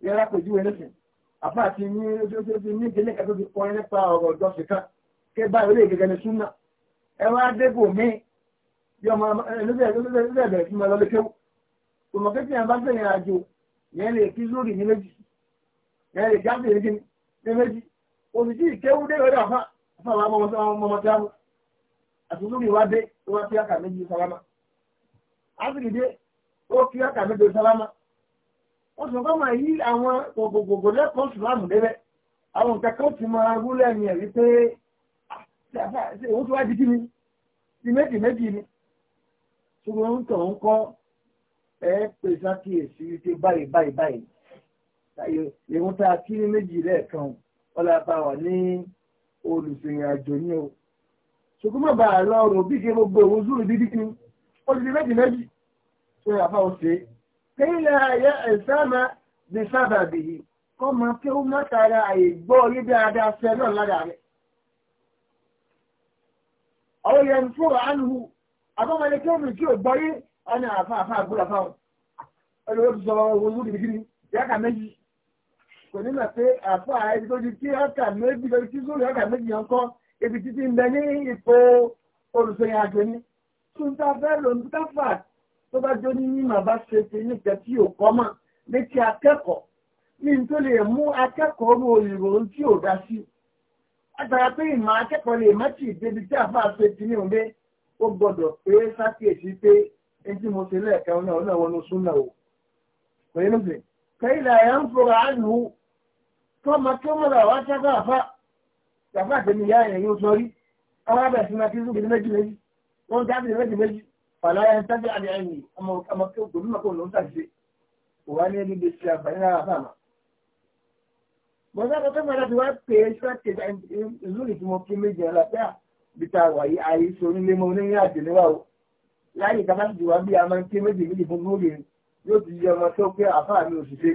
yàrá kò ju ẹlẹ́sìn àpá àti ní oṣooṣi ní ìdílé kan tó ti pọ́n nípa ọ̀rọ̀ ọ̀dọ́sìn kan kí báyìí olóyè gẹ́gẹ́ ní súnà ẹ wá débò mí bí ọmọ ẹlẹ́sẹ̀ bẹ̀rẹ̀ sí máa lọ lékéwù kò mọ̀ kékeré àbá bẹ̀rẹ̀ àjò yẹn lè kí lórí ní méjì yẹn lè jáde ní méjì òṣìṣì ìkéwù dé ọ̀dọ̀ àfáà náà wàá mọ́mọ́ sí wọn mọ́mọ́ tí a mú àti olórí wa dé wọ́n fi àkà méjì sálámà áfíríkì dé ó fi àkà méjì sálámà wọ́n sọ fọ́mọ yí àwọn gbogbogbò lẹ́kọ̀ọ́ sùlámù débẹ̀ àwọn nǹkan kan ti máa wúlẹ̀ ní ẹ̀rí pé òun ti wá di kíni ti méjì méjì ni ṣùgbọ́n ń tọ̀ ń kọ́ ẹ pè sákìyèsí wípé báyìí báyìí báyìí ìwọ́n tá a kí ní méjì lẹ́ẹ̀kan ọlọ́pàá wà ní olùsìnrìn àjò ní o ṣùgbọ́n má bàa lọ́rùn bí kí gbogbo òun zúrù dídí kí ó ti di méjì méjì tó yà fáwọn ṣe kéyìnlá ayé ẹ̀sáàmà bí sábà bìyí kọ́ máa kí ó má tara àìgbọ́ orí dáadáa fẹ́ náà lára rẹ̀. àwọn yẹn fún àánú àbámalẹ̀ kí ó mú kí ó gbọ́ yé ọ̀nà àfáàfáà gbúra fáwọn ẹlòmíràn ti sọ ohun zúrù dídí ní ìyá kà kò ní mọ̀ pé àfa ibi tó di tí ọkà méjì lórí tí sórí ọkà méjì yẹn kọ́ ibi títí ń bẹ ní ipò olùsọyìn àjò ni túntà fẹ́ lòun tó káfà tó bá jó ní mímọ̀ bá ṣe ṣe ní ìkẹ́ tí ò kọ́ mọ̀ ní ti akẹ́kọ̀ọ́ ní n tó lè mú akẹ́kọ̀ọ́ ro ìròyìn tí ò dá sí látara pé ìmọ̀ akẹ́kọ̀ọ́ lè má tì débi tí àfa ṣe ti ní òun ó gbọ́dọ̀ pé sákèsí pé ẹjí mo ṣe lẹ́ẹ̀kan náà ọ̀nà wọn ló súnà o kò yẹ tọ́mọ tó mọ̀lá wá ṣáká àfá àfá àtẹ̀mí ìyá ẹ̀yẹ yóò sọ rí àwọn abẹ̀ sí ma ti rú gidi méjì méjì wọ́n dá gidi méjì méjì fàlà ẹ̀ ń tẹ́jú àdé ẹ̀yìn ọmọ ọmọ tó gbòmí mọ̀kó ló ń tàṣe òwá ní ẹni lè ṣe àǹfààní lára àfá àmà. mo sábà tó mọ̀lá ti wá pè é ṣáàtì ìzúlì tí mo kí méjì ọ̀la pé à bí ta wà yí ayé sórí lé mọ́ oníyìn àjò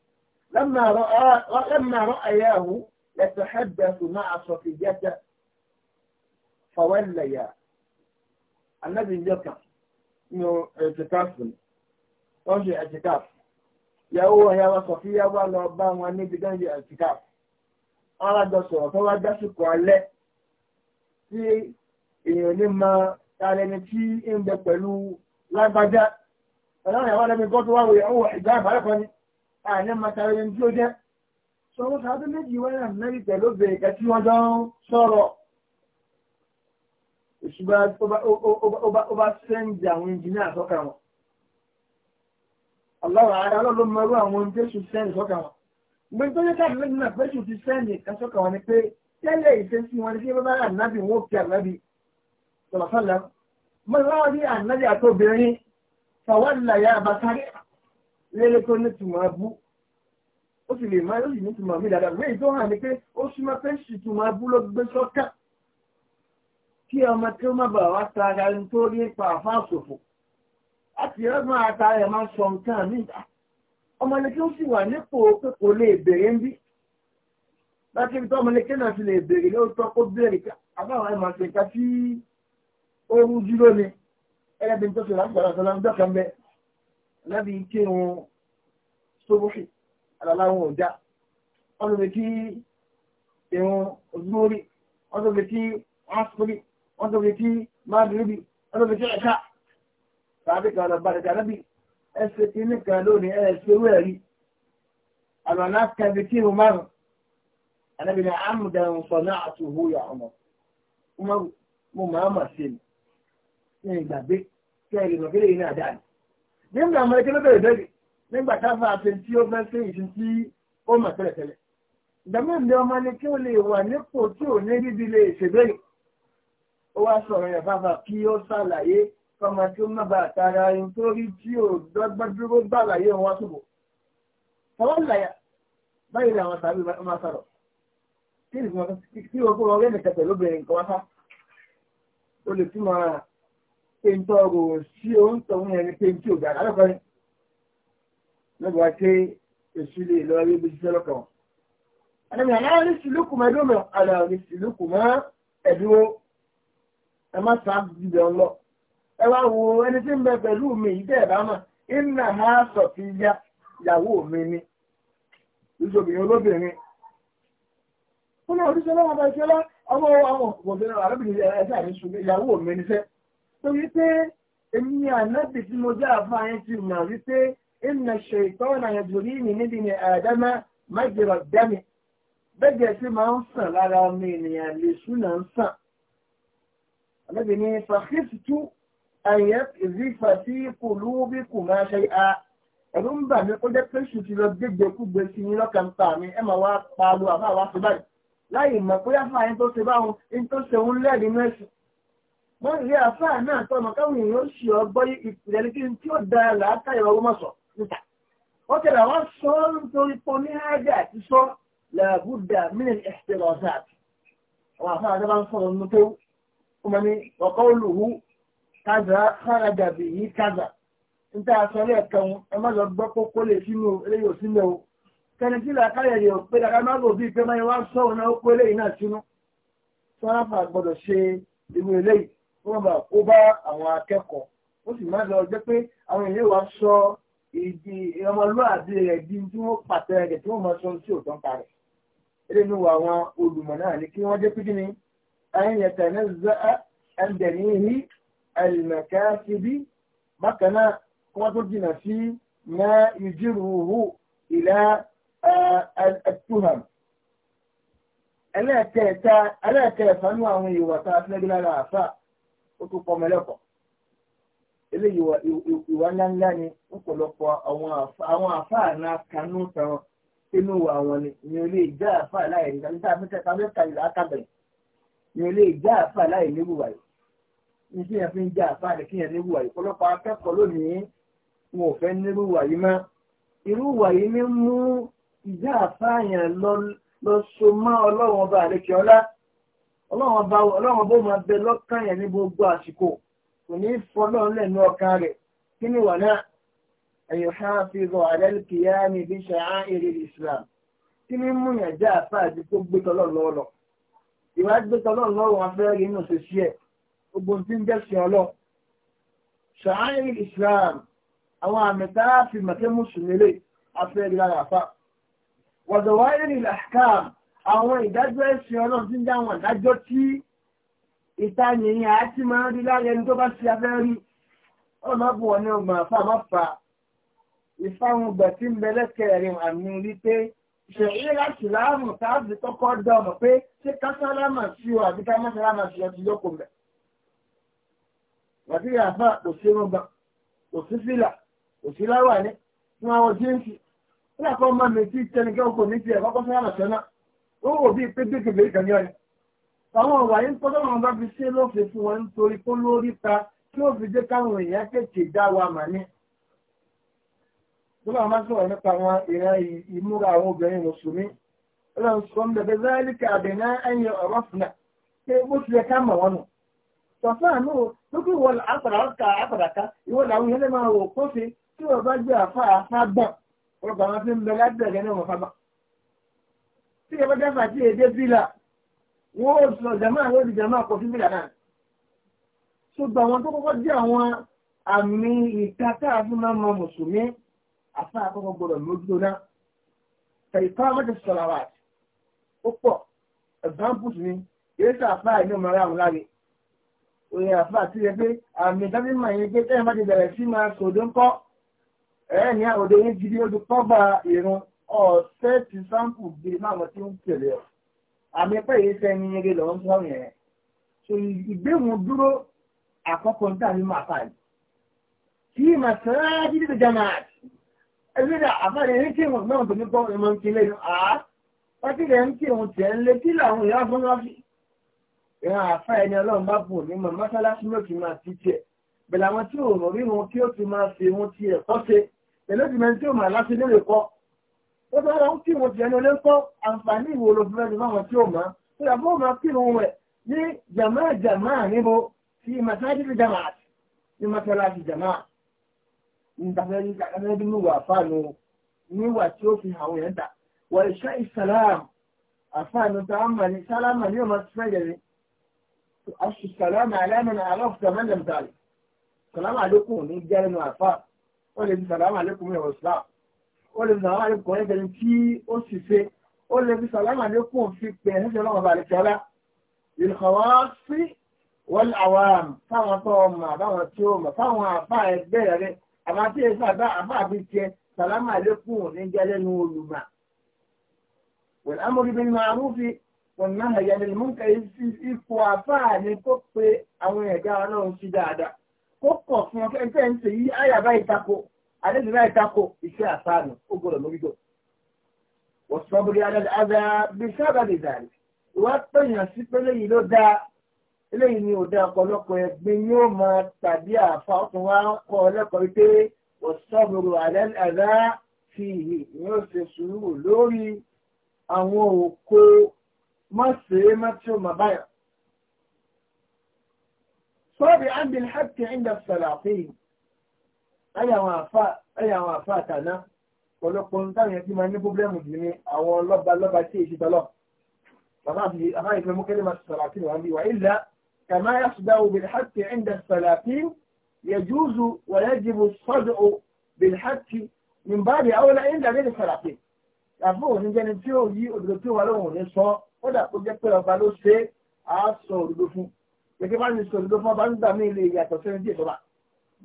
لما رأى لما رأياه يتحدث مع صفيته فوليا الذي يقع انه اعتكاف wọ́n ṣe ẹ̀tìkáf yàwó ọ̀yàwó sọ̀fíyà wà lọ bá wọn níbi tó ń ṣe ẹ̀tìkáf alájọ sọ̀rọ̀ tó wá dásìkò alẹ́ tí èèyàn ma tààlẹ́ni tí ń bẹ pẹ̀lú lágbájá ọ̀nà ìyàwó àní mọ̀tàrí tí ó jẹ́ sọ́wọ́ sáájú méjì wẹ́rẹ̀ mẹ́rì pẹ̀lú bèèrè kẹ́ tí wọ́n jọ ń sọ̀rọ̀ ìṣùgbọ́n ó bá sẹ́ńdì àwọn wọn mọ. ara ọlọ́run mọ́rú àwọn jésù sẹ́ńdì sọ́kà wọn gbé tó yẹ káàdì lẹ́nu náà jésù ti sẹ́ńdì kan sọ́kà wọn ni pé tẹ́lẹ̀ ìṣesí wọn ni kí bá bára ànábì wọn fi ànábì sọ̀rọ̀ láwọn ní ànábì fàwọn ya lélẹ́ tó nítumọ̀ abú ó sì lè má ó sì nítumọ̀ mí dáadáa wéyìí tó hàn ní pé ó súnmọ́ pé ṣìtumọ̀ abú ló gbé sọ́kà kí ọmọ tí ó má bàa wá tara ẹni tó rí pa àfa àsòfò láti ọgbọ́n ata rẹ̀ máa sọ nǹkan mí ọmọ ni kí ó sì wà nípò pé kò lè bèrè ń bí láti ibi tó ọmọ náà ti lè bèrè lóòótọ́ kó bèrè ká àbáwọn ẹ̀ máa ṣe nǹkan tí ó rújú lónìí ẹ̀ẹ́dẹ́gbẹ̀ẹ́ tó lábí kírun sóbóṣì aláláwọn òjá wọ́n tó kí irun ògbórí wọ́n tó kí ọ́sùrí wọ́n tó kí máàbìrìbì wọ́n tó kí ẹ̀ka tàbí kan lọ bàtà ẹsẹ̀ tí nìkan lónìí ẹ̀ẹ́sẹ̀ owó ẹ̀rí na aláàkà fi kírun márùn-ún ní àmùdàn sọ̀nà àtúhù yà ọmọ mo máa mà sí ni ìgbàgbé kí nígbà ọmọ ẹgbẹ́ lóbẹ̀rẹ̀ bẹ̀rẹ̀ nígbà táfà àfin tí ó fẹ́ sí ìsìn tí ó mọ̀ tẹ́lẹ̀tẹ́lẹ̀ ìgbàmọ́ ìdí ọmọ ni kí ó lè wà nípò tí ò ní bíbi lè ṣèbéèrè ó wá sọ̀rọ̀ yẹn fáfà kí ó ṣàlàyé kọ́mọ tí ó má bàa tara ẹni tó rí tí ò dọ́gbọ́n dúró gbàlàyé wọn túbọ̀ fọwọ́ láyà báyìí làwọn sàbí máa sọ̀rọ̀ kí ìgbìmọ̀ kí ó kó wọn rẹ́ nìkan pẹ̀lú obìnrin kan wá fá ó lè pé ọgụgụ si sí oúntọ̀ ń yẹn ni pé ń tí ò dára lọ́kọ̀ọ́rin lọ́gbà pé lọ rí ibi ṣiṣẹ́ lọ́kọ̀ọ́. àdàbí àná ní sìlúkù mọ́ ẹdúró mọ́ àná ní sìlúkù mọ́ wo ẹni tí ń bẹ mi yìí ha sọ fi ya mi ni olóbìnrin. wọn torí pé èmi ànábì tí mo jẹ́ àfa yẹn ti mọ̀ wípé ìnà ṣètò ọ̀nà ìdòrí mi níbi ni àdámá májèrò dẹ́mi bẹ́ẹ̀ tí máa ń sàn lára ọmọ ènìyàn lè súnà ń sàn. ànábì ni fàkìtù àyẹ̀ ìzífà sí kùlú bí kù máa ṣe a ẹ̀rú ń bà mí kó jẹ́ pé ṣù lọ gbégbé kúgbe sí yín lọ́kàn ta mi ẹ̀ máa wá pariwo àbá wa ṣe báyìí láì mọ̀ pé àfa tó ṣe báwọn ní tó ṣe ń lẹ́ẹ̀dínú ẹ̀sìn wọ́n rí àfáà náà tọ́mọ káwọn èèyàn ṣì ọgbọ́ ìpìlẹ̀ ní kí n tí ó dára làákà ìwà ọgbọ́n sọ níta. ó kẹlẹ̀ àwọn sọ nítorí pé ní ájà àti sọ làbúdà mílíọ̀n ẹ̀sìtẹ̀lẹ̀ ọ̀sà àti. àwọn àfáà náà bá ń sọ̀rọ̀ nínú tó ó ní ọ̀kọ́ olùhù kaza kára dàbí yìí kaza. níta sọ lẹ́ẹ̀kan ẹ má lọ gbọ́ kókó lè sínú eléyìí ò sínú wọ́n bá kó bá àwọn akẹ́kọ̀ọ́ ó sì máa ń lọ jẹ́ pé àwọn ilé wa sọ ìdí ọmọlúwàbí rẹ̀ di tí wọ́n pàtẹ rẹ̀ tí wọ́n máa sọ sí òtọ́ pa rẹ̀ eré inú àwọn olùmọ̀ náà ni kí wọ́n jẹ́ pé kí ni ayẹyẹtẹ̀ náà zẹ́ ẹ̀ǹdẹ̀ ní ní ẹ̀lìmẹ̀kẹ́ sí bí bákan náà kí wọ́n tó jìnnà sí mẹ́ ìjíròrò ilẹ̀ ẹ̀ẹ́dùhàn ẹlẹ́ẹ̀kẹ́ẹ̀ta ẹlẹ́ẹ̀kẹ́ẹ̀fà nú àwọn ìwà tá a fẹ́ gbé lára àfáà ó tún kọ́ mẹ́lẹ́kọ̀ọ́ eléyìí ìwà ńláńlá ni ọ̀pọ̀lọpọ̀ àwọn àfáà náà kanú tán inú àwọn ni ni o lè jẹ́ àfáà láì nígbà nígbà mẹ́tẹ̀ẹ̀ta mẹ́ta ìlà akábẹ̀rẹ̀ ni o lè jẹ́ àfáà láì níwùwà yìí ní kí yẹn fi ń jẹ́ àfáà ní kí yẹn níwùwà yìí ọ̀pọ̀lọpọ̀ akẹ́kọ̀ọ́ lónìí wọn ò fẹ́ nírúwà yìí mọ́ irúwà yìí ní mú ìjẹ́ àfáà yẹn lọ so mọ́ ọlọ́run ọba àlekè ọlá ọlọ́run bó máa bẹ lọ́kàn yẹn ní gbogbo àsìkò kò ní fọlọ́run lẹ́nu ọkàn rẹ̀ kí ni wà náà ẹ̀yọ̀ hafizu alẹ́lùkìyà ní bí ṣáá èrè islam kí ni mú yàn já àfa àti tó gbé tọ́lọ́run lọ́wọ́ lọ ìwà gbé tọ́lọ́run lọ́wọ́ wọn fẹ́ rí inú ṣèṣì ẹ̀ gbogbo tí ń jẹ́sìn ọlọ́ ṣáá èrè islam àwọn àmì tá a fi màkẹ́ mùsùlùmí lè afẹ́ rí lára àfa wàzọ̀wá èrè làkàmù àwọn ìdájọ́ ẹ̀sìn ọlọ́run ti ń dá àwọn ìdájọ́ tí ìtanìyàn àti máa ń rí lára ẹni tó bá ṣe abẹ́rí ọ̀nà bù wọn ní ọgbọ̀n àfa àmọ́fà ìfáwọn ọgbà tí ń bẹ lẹ́kẹ̀rin àmì wípé ṣèyí láti láàmù táàbì tọkọ dá ọmọ pé ṣé kásálámà sí ọ àbí ká mọ́sálámà sí ọ ti mẹ́. wàtí àfa kò sí ọgbà kò sí fìlà kò sí láwà ní ó wò bí pé bíkì bèèrè kan ní ọ̀yẹ́ àwọn ọ̀rọ̀ ayé ń tọ́jú àwọn bá fi ṣe lófin fún wọn nítorí kó lórí ta tí ó fi jẹ́ káwọn èèyàn kéèké dá wa mà ní. tó bá máa sọ̀rọ̀ nípa àwọn ìran ìmúra àwọn obìnrin mùsùlùmí ọlọ́run sọ ń bẹ̀rẹ̀ záríkà àbẹ̀ná ẹ̀yìn ọ̀rọ̀ fúnà pé ó ti yẹ ká mọ̀ wọn nù. sọ̀fún àánú lókè wọ àpàdàkà àpàdàkà ìwọ làwọn èèyàn lè máa wò kófin tí wọ́n bá gbé àfa àfa gbọ̀n ọ̀rọ̀ tí ìjọba dáfà sí èdè bílà wọ́n ó sọ jàmáà wọ́n di jàmáà kọ̀ sí bílà náà ṣùgbọ́n àwọn tó kọ́kọ́ jẹ́ àwọn àmì ìtaka àfúnámọ mùsùlùmí àfa àkọ́kọ́ gbọ́dọ̀ lójú náà tẹ̀yìká mẹ́tẹ̀ sọ̀rọ̀ àwà ó pọ̀ examples ni èyí sọ àfa ìní ọmọ ara àwọn láre òye àfa àti rẹ pé àmì ìdájọ́ máa yẹn pé tẹ́yìn bá ti bẹ̀rẹ̀ sí máa sòdó ńkọ́ ẹ̀ẹ́ ní àwòdó yẹn gidi ó ti kọ́ bá irun ọ̀tẹ́ ti sáǹpù gbé máwọn tí ó ń tẹ̀lé ọ̀ àmì pẹ́ yìí sẹ́ni eré lọ́wọ́ ń sọ̀rọ̀ yẹn so ìgbéhùn dúró àkọ́kọ́ ń tàbí máa fà yìí ah, kí màsáájì dídì jamaat ẹgbẹ́ dà àfáàdé ní kí wọn náà tó ní gbọ́ ìmọ̀ ń kí lẹ́nu àá pátí rẹ̀ ń kí wọn tẹ̀ ń lé kí làwọn èèyàn fún wọn fi ìran àfa ẹni ọlọ́run bá bò ní mọ̀ mọ́sálásí ló ti máa ti tiẹ̀ bẹ̀rẹ̀ àwọn tí ò rọ̀ rí wọn kí ó ti máa fi wọn tiẹ̀ kọ́ ṣe pẹ̀lú ìdìmọ̀ tí ò máa láti lérè kọ́ ó tó ara ń kí wọn jẹ́ ní olé ń kọ́ àǹfààní ìwò olófin ẹni máa wọn tí ó máa ó yà fún ọmọ kírun rẹ̀ ní jàmáà jàmáà níbo fi màsáàjì ti jàmáà ní mọ́sálásí jàmáà ìtàfẹ́ ní wà fáànù níwà tí ó fi àwọn èèyàn dà wà ìṣá ìsàlámù àfáànù tá a mà ní sálámà ní ọmọ tí fẹ́yẹ̀ ni aṣù sàlámà alámàna aláfùtà mẹ́lẹ̀mtàlì sàlámà àlékún ní jẹ́rìnà àfáà wọ́n lè fi sàlámà àlékún mi ọ̀sán ó lè sàlámà ní kọ̀ọ̀yẹ́ tẹ̀lé tí ó sì ṣe ó lè fi sàlámà ní kò fi pẹ̀ ẹ̀ ṣẹ́ṣẹ́ ọlọ́mọba àti ọlá ìlúkọ̀wá sí wọ́n àwọn àmì fáwọn tó ọmọ àbáwọn tí ó mọ̀ fáwọn àbá ẹgbẹ́ rẹ̀ àbá tí èso àbá àbá àbí tiẹ̀ sàlámà lẹ́kùn ní jẹ́lẹ́nu olùmọ̀ wọ́n náà yẹn mú kẹ́ ipò àbá ni kó pe àwọn ẹ̀dá ọlọ́run sí dáadáa kó kọ̀ fún ọ àlejò náà ìtakò iṣẹ́ àṣàánù ó gbọ́dọ̀ lórí jọ. wọ́n sọ bóyá àdá bí sábà lè dàrí ìwà pèèyàn sí pé léyìí ló dáa eléyìí ni òde ọ̀pọ̀lọpọ̀ ẹ̀gbin yóò máa tàbí àfa ọkùnrin wa kọ́ ọlẹ́kọ̀ọ́ wípé wọ́n sọ fi ìhì ni ó ṣe sùúrù lórí àwọn òkú mọ́sẹ̀ẹ́ mọ́tíò màbáyà. sọ́ọ̀bì àbí الحق عند السلاطين láyé àwọn àfa àtàná ọ̀pọ̀lọpọ̀ táwọn yẹn ti máa ní pọ́blẹ́mù jù ní àwọn lọ́ba lọ́ba tí èyí tọ́lọ̀ bàbá àfi àbá ìfẹ́ mú kẹ́lẹ́ máa sọ̀rọ̀ àti ìwà ń bí wà ilà kàmá yàtúndà òbí hàtì ẹ̀ńdà sàlàfí yẹjúùzù wàyájìbù sọ́dọ̀ òbí hàtì nìbàdì àwọn ẹ̀ńdà rẹ̀ sàlàfí àbí òní jẹni tí ó yí òdòdó tí ó wà lóhùn ní sọ ó dà kó jẹ́ pé ọba ló ṣe é òdòdó fún gẹ́gẹ́ bá ní sọ òdòdó fún ọba nígbà míì lè yàtọ̀ sẹ́ni díẹ̀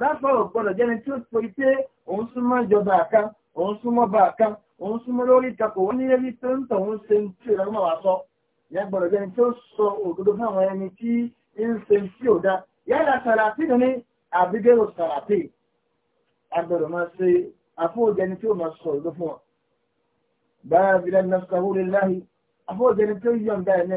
dáfọ̀rọ̀ gbọ́dọ̀ jẹ́ni tí ó sọ pé òun súnmọ́ ìjọba kan òun súnmọ́ bá kan òun súnmọ́ lórí ìtakò wọn nílé ní tó ń tọ̀ ń ṣe tí ìrọ̀ máa wá sọ ìyẹn gbọ́dọ̀ jẹ́ni tí ó sọ òdodo fún àwọn ẹni tí ń ṣe tí ò dá yálà sàràtì ní àbígẹ́rò sàràtì agbọ́dọ̀ máa ṣe àfọwọ́jẹni tí ó máa sọ òdodo fún wọn. báyà bílẹ̀ ní sàwó lè láhi àfọwọ́jẹni tí ó yọ̀ǹda ẹ̀ ní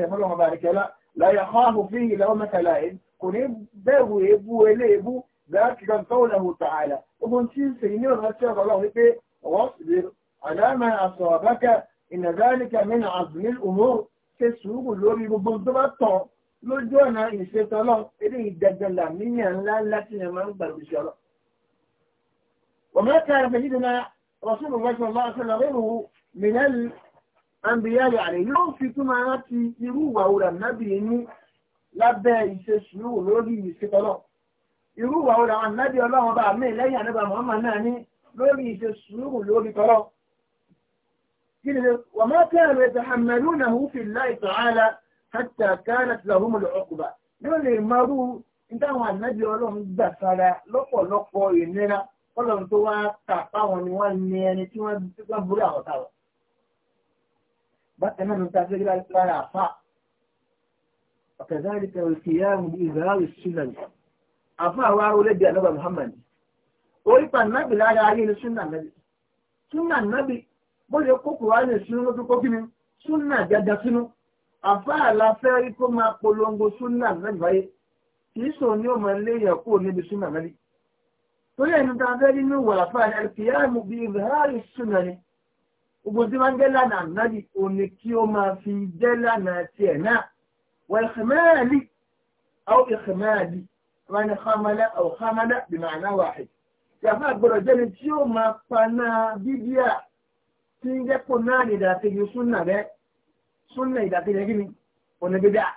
ẹ̀ kò لكن قوله تعالى ومن شين سينيو غسير الله لكي واصبر على ما أصابك إن ذلك من عظم الأمور تسوق لوري ببنطبطة لو ọ̀nà ìṣètò ọlọ́run إذا dandan là níyàn ńlá ńlá tí yẹn máa ń gbàgbé sí سيدنا رسول الله صلى الله عليه وسلم غيره من الأنبياء عليه يوم في كما máa rántí irú ìwà òrà nábìyẹn ní lábẹ́ ìṣesùúrù lórí irú wa ọ̀rọ̀ àwọn ànábì ọlọ́run bá mí lẹ́yìn ànábà Muhammad náà ní lórí ìṣe sùúrù lórí tọ́lọ́ kí ni wà máa kẹ́rẹ̀ ẹ̀tẹ̀ hàmẹ́lú náà hù fi láì tọ́hálà hàtà kánà ti lọ́hùn mọ̀lẹ̀ ọkùbà yóò lè marú nítawọn ànábì ọlọ́run gbà sára lọ́pọ̀lọpọ̀ ìnira ọlọ́run tó wá tàpá wọn ni wọ́n ní ẹni tí wọ́n burú àwọn táwọn. بقى من تأثير لا يعفى وكذلك القيام بإظهار السنن àfún àwọn arólẹ́bí ànábà Muhammad orí pàǹdàbì lára ayé ni súnà nàbì súnà nàbì bó ṣe kó kùránì sínú ló fi kó kíni súnà dada sínú àfún àlàfẹ́ rí kó máa polongo súnà nàbì wáyé kì í sòun ní ó máa léèyàn kúrò níbi súnà nàbì torí ẹni tá a fẹ́ rí ní wàlàfà àlùkìyàmù bíi ìhárì súnà ni gbogbo tí wọ́n ń jẹ́ lánàá nàbì òní kí ó máa fi jẹ́ lánàá tiẹ̀ náà wàlùkìmẹ́ẹ̀lì àwọn wọ́n ní hamala ọ̀ hamala bìmọ̀nà wàhì. Ìyàfà gbọ́dọ̀ jẹ́ni tí ó máa paná bíbíà tí ń jẹ́pọ̀ náà ní ìdàkejì súnà rẹ̀ súnà ìdàkejì kí ni ọ̀nà bíbíà.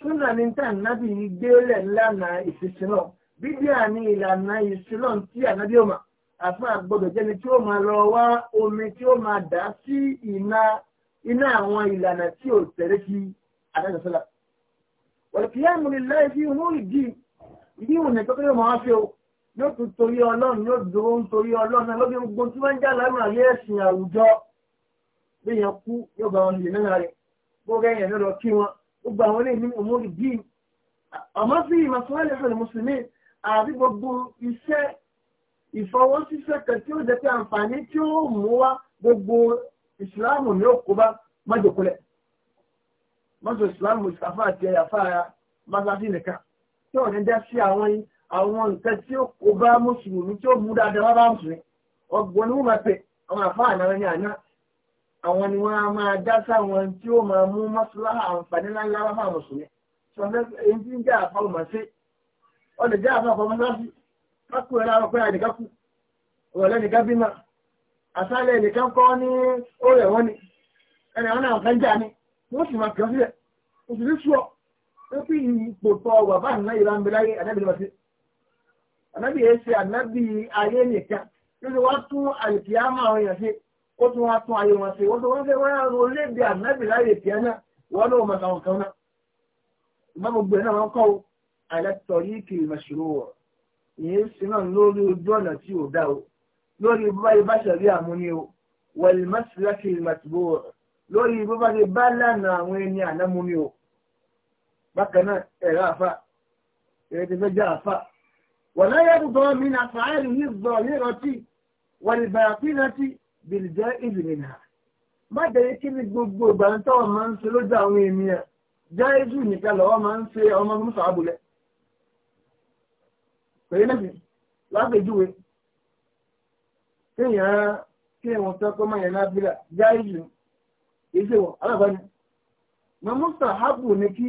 Súnà ní tá ànábì yìí gbélẹ̀ lánà ìfisìlọ̀. Bíbíà ní ìlànà ìsìlọ̀ tí ànábì ó mà. Àfà gbọ́dọ̀ jẹ́ni tí ó máa lọ wá omi tí ó máa dà sí iná àwọn ìlànà tí ò tẹ̀lé sí àdájọ́sọ́lá. Wọ̀lùkìyàmù ìdí ìwòsàn tó kéde máa fi o yóò tún torí ọlọ́run yóò dúró ń torí ọlọ́run náà lóbi gbogbo tí wọ́n ń jà lánàá lé ẹ̀sìn àwùjọ bí yẹn kú yóò bá wọn lè náà rẹ̀ gbogbo ẹ̀yẹ̀ ló lọ kí wọn gbogbo àwọn ilé ìlú òmùrì bíi àmọ́ sí ìmọ̀sánlẹ̀ fún mùsùlùmí àbí gbogbo iṣẹ́ ìfọwọ́síṣẹ́ kan tí ó jẹ́ pé àǹfààní tí ó mú wá gbogbo ìsìláàmù ní òkú bá májòkulẹ̀ mọ́tò ìsìláàmù ìsàfáà àti ẹ̀yà fáà mọ́sáfì nìkan tí ò ní jẹ́ sí àwọn àwọn nǹkan tí ó kó bá mùsùlùmí tí ó mú dáadáa wá bá mùsùlùmí ọgbọ́n ni wọ́n máa pè àwọn àfáà ní àná àwọn ni wọ́n máa dá sáwọn tí ó máa mú àǹfààní mùsùlùmí sọ fẹ́ tí ń jẹ́ àfáà mọ̀ sí ọ jẹ́ àfáà fọmọ sáfì ni náà fẹ́ jà ni wọ́n sì máa sílẹ̀ pé ipò tọ wà bá nínú ìlà ń bẹ láyé ànábì lọ́sí ànábì yẹn ṣe ànábì ayé nìkan lórí wá tún àlùkìyámà àwọn èèyàn ṣe ó tún wá tún ayé wọn ṣe ó tún wọ́n fẹ́ wọ́n rán orílẹ̀-èdè ànábì láyé tìẹ́ náà wọ́n ló mọ̀ àwọn kan náà ìmọ̀ gbogbo ẹ̀ náà wọ́n kọ́ àìlẹ́tọ̀ yìí kì í mọ̀ṣúrò wọ̀ ìyẹn náà lórí ojú ọ̀nà tí ò dá o lórí báyìí bá ṣẹ̀rí àmúni o wẹ̀lì mọ́sílẹ́kì màtìbò lórí bó bá lánàá àwọn ẹni ànámúni bákan náà ẹ̀rọ àfà ẹ̀rọ ti fẹ́ jẹ́ àfà wọ́n láyé gbogbo mi náà fàáìlì ní gbọ́ nírọtí wọ́n lè bàrà pín rántí bìlìjẹ́ ìbìnrin náà má jẹ́yẹ kí ni gbogbo ìgbà ń tọ́ ọmọ ń ṣe lójú àwọn ènìyàn jẹ́ ìṣù nìkan lọ́wọ́ máa ń ṣe ọmọ mọ́sà abúlé pẹ̀lú náà lápèjúwe kéèyàn kí wọ́n tọ́ kọ́ máa yẹn náà bílà jẹ́ ìṣèwọ̀ alábàáni mọ́sà abù ni kí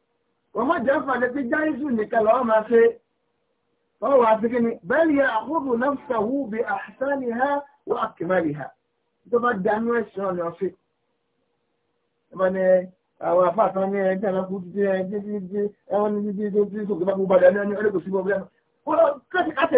wọ́n má jẹ́ fàdé tí jáìsù nìkan lọ́wọ́ máa ṣe wọ́n wà sí kíni bẹ́ẹ̀lì àkókò náà sàwú bí àṣìṣàní ha wọ́n àkìmẹ́lì ha tó bá dánú ẹ̀sìn ọ̀nà ọ̀fẹ́ ẹ̀bá ni àwọn afáàtàn ní ẹni tí a kú títí ẹni tí tí tí ẹwọn ní títí tó tí tó gbàgbó padà ní ẹni ọdún kò sí bọ́ bílẹ̀ kó kẹ́sì káṣẹ̀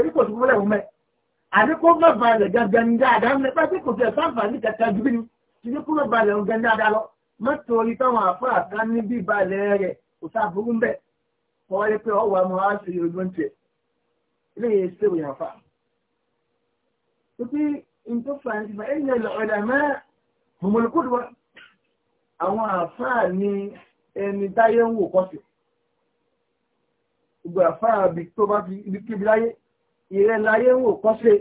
orí táwọn afáàtàn ní bíbalẹ̀ rẹ̀ kò sá àbúrú ń bẹ̀ wọ́n wáyé pé ọwọ́ àmọ́ á ṣe ojú ń tiẹ̀ ilé yẹn ṣe wò yàn fà. Títí n tó fà ń fà ẹ̀yìn ẹ̀lọ́ ọ̀dà mẹ́ mọ̀mọ́lùkúdùwà àwọn àfáà ni ẹni táyé ń wò kọ́sì. Gbogbo àfáà tó bá fi ibi kíbi láyé ìrẹ́ láyé ń wò kọ́sì.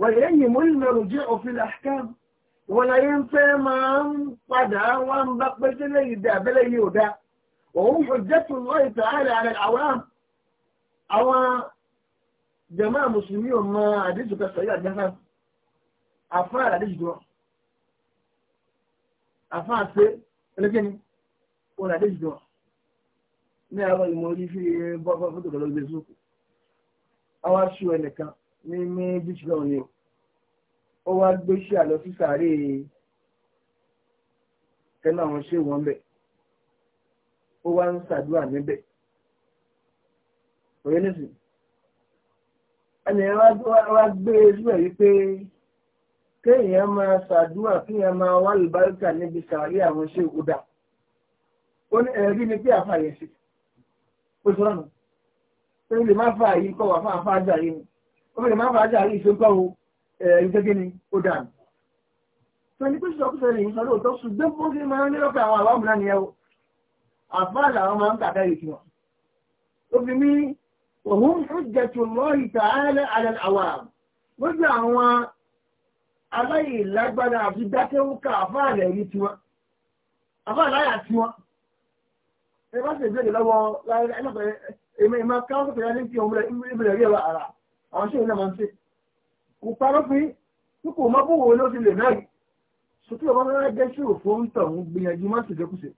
Wọ́n ẹ̀yìn múlùmọ̀rù jẹ́ òfin àkàm. Wọ́n láyé ń fẹ́ máa ń padà wá bá pẹ́sẹ́lẹ̀ yìí dà abẹ́lẹ̀ yìí ò dáa. وهم حجة الله تعالى على العوام أو جماعة مسلمين ما عديثك السيئة جهاز أفعل عديث دعا أفعل سيء لكن ولا عديث دعا ní àwọn ìmọ̀rí fi bọ́bọ́ fún tòkòlò gbé sókè àwọn aṣọ ẹnìkan ní méjìdì náà ni ó wá gbéṣẹ́ àlọ́ sí sàárè kẹ́nà àwọn ṣé wọ́n bẹ́ẹ̀ ó wá ń ṣàdúrà níbẹ̀ òye nísìn ẹni wá gbé síbẹ̀ wípé kéèyàn máa ṣàdúrà kéèyàn máa wá lùbáríkà níbi sàárè àwọn ṣé ó dà ó ní ẹ̀rí ni pé àfààyè sí ó sọ ọ̀nà ó lè má fà yìí kọ́ wà fún àfáàjà yìí ni ó lè má fà ájà yìí ṣókọ́ o ẹ̀rí gẹ́gẹ́ ni ó dà. sọ ni pé sọ́kùsọ̀ lè sọ lóòótọ́ ṣùgbọ́n bó ṣe máa ń lérò pé àwọn àbámu náà nìyẹn o àfáà làwọn máa ń tàbẹ́ ìtì wọn. ó fi mí òun hujjatullahi ta'ala 'ala al-awam lójú àwọn aláìlágbára àti dákẹ́wúkà àfáà rẹ̀ rí tiwọn àfáà láyà tiwọn ẹ bá ṣe ìbéèrè lọ́wọ́ ẹlọ́pẹ̀ẹ́ èmi ìmọ̀ káwọn fẹ̀rẹ̀ ní kí ọmọ ìbílẹ̀ rí ẹwà ara àwọn ṣe ìlànà ṣe kò parọ́ fi tí kò mọ́ bó tí ọmọ rẹ̀ gẹ́ṣù fún tọ̀hún gbìyànjú má sì jẹ́kùsẹ̀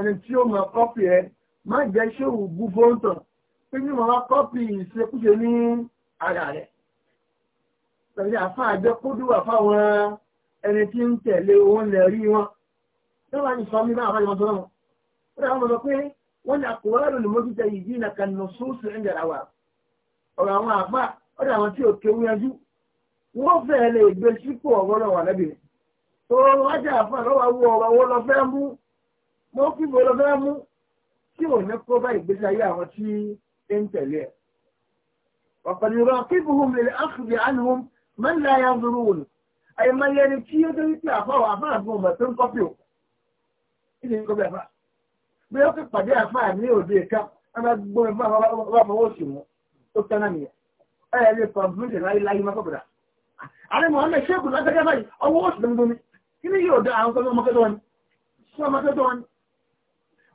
ẹni tí ó máa kọ́pì ẹ má jẹ́ ṣéwù bú fóńtàn pé ní màá kọ́pì ìṣekúṣe ní ara rẹ̀ pẹ̀lú àfa àjọ kódùwà fáwọn ẹni tí ń tẹ̀lé wọn lẹ̀ rí wọn lọ́wọ́ ní sọmí bá àbájọ tó náà wọ́n dáhùn mọ́ pé wọ́n ní àkùrọ́rù ni mo ti tẹ yìí dínà kan nù sóòsì ń jẹ̀rà ọ̀rọ̀ àwọn àgbà ọ̀dọ̀ àwọn tí ò kéwú yanjú wọ́n fẹ́ẹ́ lè gbé sípò ọ̀rọ̀ wà lẹ́bìnrin tó wájà àfa lọ́wọ́ wọ ọ̀rọ̀ wọn lọ fẹ́ mú mo fi mo lọ fẹ́ mú tí ò ní kó bá ìgbésí ayé àwọn tí ń ń tẹ̀lé ẹ̀. ọ̀pọ̀ ìrọ̀ kíbuhum lè áfìdí ánìhùn mẹ́lá ya zuru wòn àyèmọ́ yẹni tí ó tó wípé àfáwọ̀ àfáàfin ọmọ tó ń kọ́pì ò kí ni kọ́pì àfáà bí ó kí pàdé àfáà ní òde ìka ọmọ gbogbo ẹ̀fọ́ àwọn ọmọ òsì mú ó tẹ́ náà nìyẹn ẹ̀yẹ lè kọ̀m̀pútì láyé láyé mọ́kọ̀bìrà àrẹ mọ̀ọ́mẹ́ ṣẹ́kù lágbẹ́gẹ́ báyìí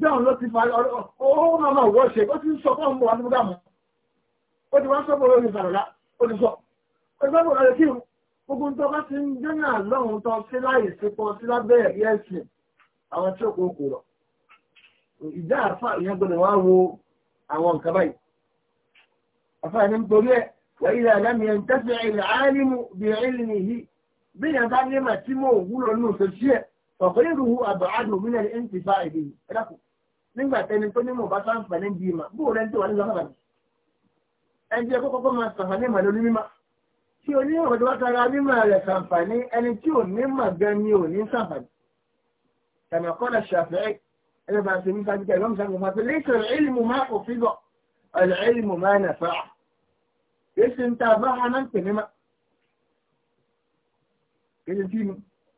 John ló ti fa ọ̀rọ̀ mama wọ́ṣẹ̀ ó ti ń sọ fún ọmọ wa nígbà mọ́. Ó ti wá ń sọ́kọ̀ lórí ìfàrọ̀lá, ó ti sọ. Ó ti sọ́kọ̀ lórí kírun. Gbogbo ń tọ́ka ti ń dínà lọ́hùn tán sí láì sípọ̀ sí lábẹ́ ẹ̀rí ẹ̀sìn àwọn tí ó kò kò rọ̀. Ìjà àfa ìyẹn gbọdọ̀ wá wo àwọn nǹkan báyìí. Àfa ìní ń torí ẹ̀ wọ́n ilẹ̀ àdámi ẹ̀ ń tẹ́sí ilẹ̀ áálímù bí ẹ̀ ń ọ̀pẹ̀lẹ́rùhù àbọ̀ádùn mílẹ̀ ní ti fa èdè ẹ̀dàkù nígbà tẹni tó ní mọ̀ bá sáǹfà ní bí ma bóò rẹ̀ ń tó wà ní sàfàdà ẹni tí ẹkọ́ kọ́kọ́ máa sàfà ní ìmàlẹ́ onímọ̀ tí onímọ̀ tó bá tara mímọ̀ rẹ̀ sàǹfà ní ẹni tí ò ní mà gan ni ò ní sàfà ní. kàmì ọ̀kọ́lá ṣàfẹ́ ẹni bá ṣe ní sáfíkà ìwọ́n sàfà fà pé lẹ́sẹ̀ ìlmù máa kò fi bọ̀ ìlmù máa nà ṣe ń ta bá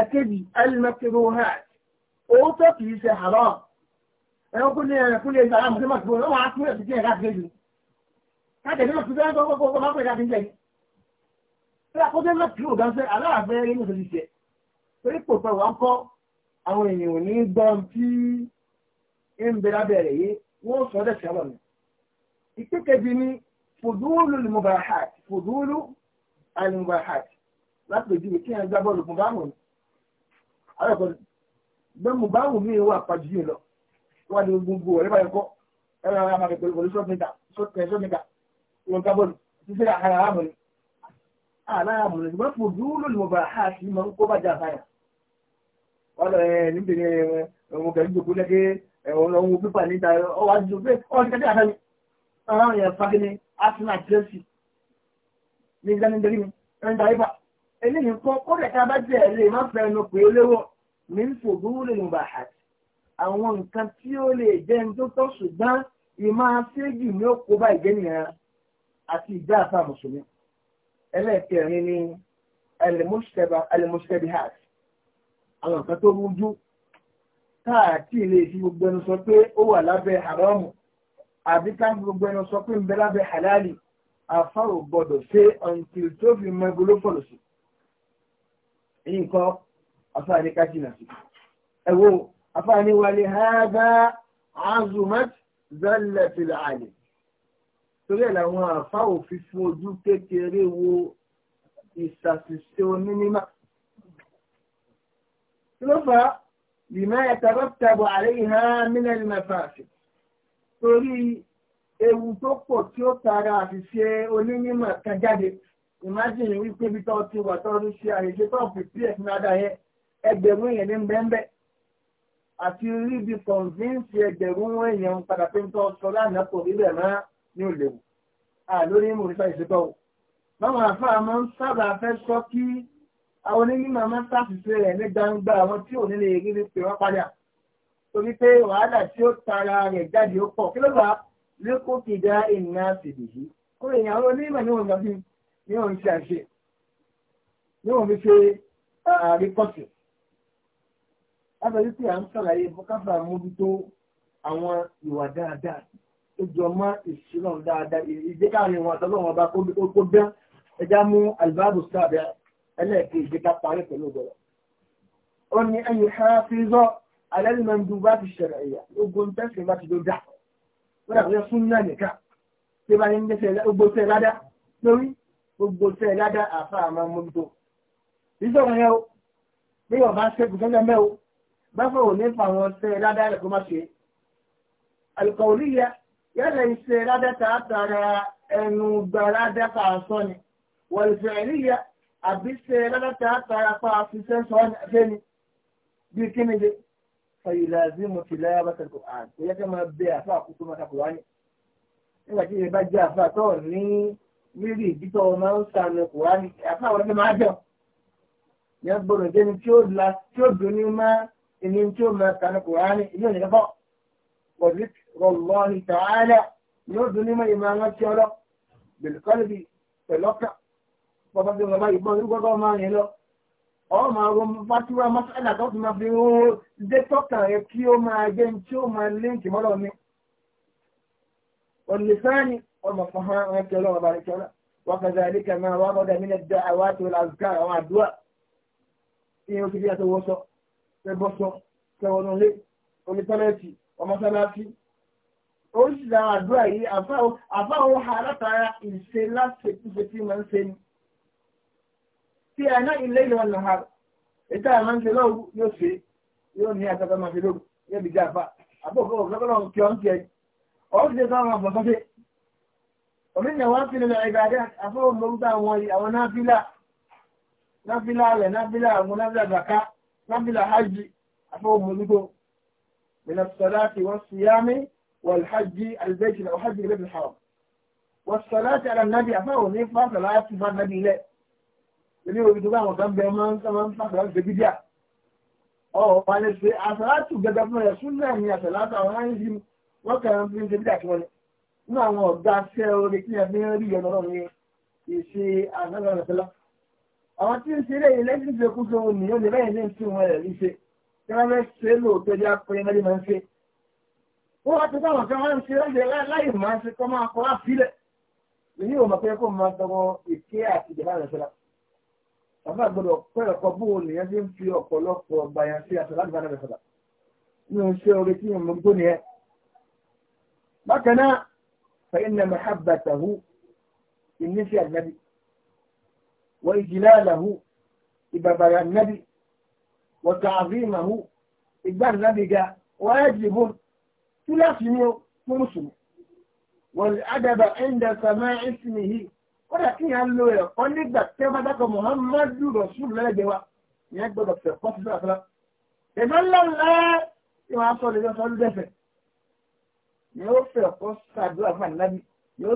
ẹ̀kejì al-makruhat owó tó kì í ṣe haram ẹ̀rọ kó ní ẹ̀rọ kó lè gbà láàmú sí mọ̀tò wọn wá fún ẹ̀sìn tí ẹ̀ka fi jù káàkiri náà fífẹ́ ẹ̀kọ́ kọ́kọ́ kọ́ máa ń pè káàkiri jẹ́ ní àkójọ náà kí ògá ṣe aláàfẹ́ rí ní òṣèlú ṣe torí pò pẹ̀lú wọn kọ́ àwọn èèyàn ní gbọ́n tí ń àrẹ́kọ̀ọ́ mẹ́mú báwù mí wà pàjù yìí lọ wọ́n á di gbogbo ọ̀rẹ́ báyìí kọ́ ẹ̀rọ ara máa kẹ́kọ̀ọ́ pẹ̀lú sọ́ọ̀mìtà sọ́ọ̀mìtà ìwọ̀n kábọ́ọ̀lù títí àhàrà àmọ̀ ni àlàyé àmọ̀ ni ṣùgbọ́n fún dúró ni mo bá a sì máa ń kó bàjẹ́ àfàyà wọ́n lọ ẹ̀ níbìrin ẹ̀wọ̀n kẹ́lí jòkó lẹ́kẹ́ ẹ̀wọ̀n ọ̀hún pípa níta ọ̀wá jù pé ọ̀hún kẹ́kẹ́ àtàní ọ̀hún yẹn fagilé arsenal chelsea ní ìdánidẹ́rì ní ẹ̀ńdà ibà eléyìí kọ́ kọ́dà tá a bá jẹ́ ẹ̀lẹ́ má fẹ́ ẹnu pé léwọ̀ mi ń fò burú lè mú bàá àti àwọn nǹkan tí ó lè jẹ́ ní tó tọ́ ṣùgbọ́n ìmọ̀ àṣẹ́jì ni ó kó bá ìjẹ́nìyàn àti ìjà àfa mùsùlùmí ẹlẹ́ẹ̀kẹrin ni ẹlẹ́mọ́ṣẹ́bíhàt àwọn nǹkan tó rújú káàtì lè fi gbogbo ẹnu sọ pé ó wà lábẹ́ haramu àbí ká gbogbo ẹnu sọ pé ń bẹ lábẹ́ halali afárò gbọdọ̀ ṣe until tó fi mọ egolófọ̀lọ́sì èyí nǹkan afáàní kájínà sí ẹ̀wọ́ afáàní wàlẹ̀ hàdá azumat zalatil alim torí ẹ̀ làwọn àfa òfin fún ojú kékeré wo ìṣàṣìṣe onímọ̀ kí ló fà á lima yatarattabu alayha min al-mafasid torí ewu tó pọ̀ tí ó tara àṣìṣe onímọ̀ kan jáde imagine wípé bí tọ́ ti wà tọ́rọ ṣe àyèjẹ́ tó fi pí ẹ̀sìn náà dáyẹ ẹgbẹ̀rún èèyàn ní bẹ́ẹ̀bẹ́ àti ríbi convince ẹgbẹ̀rún èèyàn padà pé ń tọ́ sọ lánàá kò rí bẹ̀ rán ní òlèwù àlórí mò ń sọ ìṣètò o báwọn àfáà máa ń sábà fẹ́ sọ kí àwọn onímọ̀ máa ń sàṣìṣe rẹ̀ ní gbangba àwọn tí ò nílé rí ni pè wọ́n padà torí pé wàhálà tí ó tara rẹ̀ jáde ó pọ̀ kí ló bá lẹ́kọ̀ọ́ kìdá ìnáṣèlè yìí kó èèyàn onímọ̀ ní òǹgbà bíi ní òun ṣe àṣe ní òun fi ṣe àríkọ̀tì látàrí pé à ń sàlàyé bọ́kátà mójútó àwọn ìwà dáadáa tó jọ mọ́ ìṣúná dáadáa ìjẹ́káàrin wọn àtọ́lọ́ wọn bá kó dán ẹja mú alibáàbù sábẹ́ ẹlẹ́ẹ̀kẹ́ ìjẹ́ká parí pẹ̀lú ọ̀gọ̀rọ̀. ó ní ẹyin ha fi zọ alẹ́ ní mẹ́ndú bá ti ṣẹlẹ̀ ẹ̀yà ogun tẹ́sí bá ti dọ́jà wọ́n dàbí gbogbo tẹ́ ẹ ládá àfa àmọ́ mójútó. ìṣòro yẹn o bí wọ́n bá ṣẹ́kù tó lẹ́mẹ́ o bá fọ̀rọ̀ nípa àwọn tẹ́ ládá rẹ̀ kó má ṣe. al-qawliyya yálà iṣẹ́ ládá tààtàrà ẹnu gba ládá kà á sọ ni wal-fi'liyya àbí ṣe ládá tààtàrà pa àfiṣẹ́ sọ ni bí kí ni dé. فيلازم تلاوة القرآن ويجب أن نبدأ أفاق كما تقول nígbà tí ìrìn bá jẹ́ àfà tó ní rírì ìdítọ́ ọmọ ń sàmì kùránì àfáwọn ọdún máa jọ yẹn gbọdọ̀ jẹ́ni tí ó la tí ó dùn ní má ẹni tí ó máa sàmì kùránì ilé òní lọ́fọ́ pọ̀lì rọ̀lọ́ ìtàwálẹ̀ ni ó dùn ní má ìmọ̀ àwọn tí ó lọ bẹ̀lùkọ́lùbì pẹ̀lọ́kà bọ́bá tí wọn bá yìí bọ́n gbọ́dọ̀ máa yẹn lọ ọ̀ọ́ máa ro fatiwa masala tó fi máa fi ń ro dé tọ́kàn ومطمحان ويبتلون وبارك لنا وكذلك ما ورد من الدعوات والأذكار والدعاء إيه وكذلك توسو تبسو تولون لي ولتلاتي ومثلاتي oríṣi àwọn àdúrà yìí àfáwọn ha látara ìṣe láti ṣe tí wọ́n ń ṣe ni. tí a ná ilé ìlú ọ̀nà ha ètò àmà ń ṣe lọ́wọ́ yóò ṣe yóò ní àtàkà máa ṣe lóru yóò bí jáfa àbókò ọ̀gá kọ́lọ́ ومن نوافل العبادات أفهم ممتع أو نافلة نافلة على نافلة ونافلة ذكاء نافلة حج أفهم ممتع من الصلاة والصيام والحج البيت أو حج البيت الحرام والصلاة على النبي أفهم نفع صلاة مع النبي لا Ilé orí tó bá àwọn kan bẹ máa ń sábà ń fàkàrà ṣe gídíà. Ọ̀ palẹ̀ ṣe àṣàlátù gẹ́gẹ́ fún ẹ̀ súnlẹ̀ ni ní àwọn ọ̀gá ṣẹ́ orí kí ẹ̀mí rí ọ̀nà ọ̀rọ̀ yẹn ìṣe àgbàgbà àwọn tí ń ṣe eré electric vehicle tó ní ó lè bẹ́ẹ̀ ní tí wọn rẹ̀ ṣe tí wọ́n fẹ́ ṣe lóòótọ́ jẹ́ apẹ́ ẹgbẹ́ máa ń ṣe wọ́n wá ti táwọn kan máa ń ṣe lọ́jọ́ láì máa ṣe kọ́ máa kọ́ àfilẹ̀ èyí ò mọ̀ pé kó máa tọwọ́ èké àti ìjọba rẹ̀ ṣọlá bàbá gbọdọ̀ pẹ́ ọ̀pọ̀ bó o nìyẹn ti ń fi ọ̀pọ̀lọpọ̀ gbàyàn sí aṣọ فإن محبته بالنسبة النبي وإجلاله إبابا النبي وتعظيمه إبابا النبي جاء واجب ثلاثي مسلم والأدب عند سماع اسمه ولكن هل له يقول لك ده كيف محمد رسول الله جوا يكبر في القصة أخلاق إذا لا لا يبقى صلي صلي دفع yóò fẹ́ ọkọ ṣàdúrà fún ànábì yóò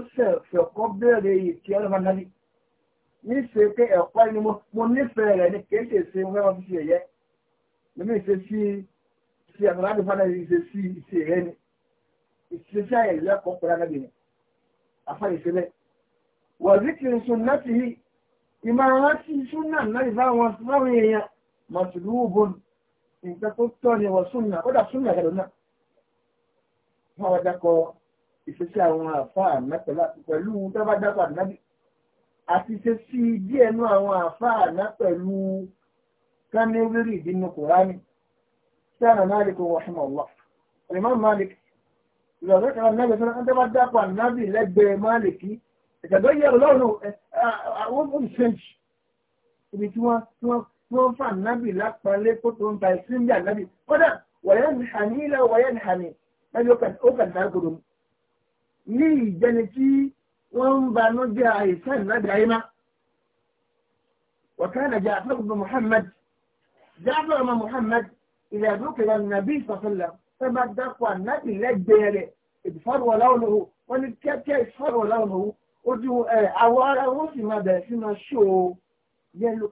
fẹ́ ọkọ bẹ̀rẹ̀ ìtì ọlọ́mọ ànábì níṣe pé ẹ̀kọ́ ẹni mo nífẹ̀ẹ́ rẹ̀ ní kì í ṣe ṣe mo fẹ́ wọn fi ṣe yẹ mímí ṣe sí ṣe àtàládùn fún ànábì ṣe sí ìṣe rẹ ni ìṣe sí àyè ìlú ẹ̀kọ́ pẹ̀lú ànábì ni àfáà ìṣe bẹ́ẹ̀ wọ̀ zikiri sunnati yìí ìmọ̀ àwọn tí sunna náà fáwọn èèyàn mọ̀tìlú bọ́ọ̀lù nǹkan tó tọ́ ni wọ̀ sunna kódà sunna kẹlẹ́ náà wọ́n wá dákọ̀ ìṣesí àwọn àfáà náà pẹ̀lú dábàá dákọ̀ àdínábì àti ìṣesí díẹ̀ nú àwọn àfáà náà pẹ̀lú kánẹ́rírì ìdínú kùránì sáànà Malik rahimahullah Imam Malik ìrọ̀lẹ́ kan náà gbèsè náà dábàá dákọ̀ àdínábì lẹ́gbẹ̀ẹ́ Malik ìtàgbẹ́ yẹ ọlọ́run àwọn olùsẹ́ǹtì ibi tí wọ́n wọ́n fà nábì lápá lé kó tó ń ta ìsínbí ànábì kódà wọ̀yẹ́ nìhàní ilẹ̀ lẹ́yìn ó kàn dá kodò ní ìjẹni tí wọ́n ń ba nọ́jà àìsàn lábẹ́ ayé má. وكان جعفر بن محمد جعفر بن محمد إذا ذكر النبي صلى الله عليه وسلم فما دقوا النبي لجيله ìfọ́rọ̀ láwọnòwò wọ́n ní kẹ́kẹ́ ìfọ́rọ̀ láwọnòwò ojú àwọ̀ ara wọ́n sì máa bẹ̀rẹ̀ sí máa ṣó o yẹ́lò.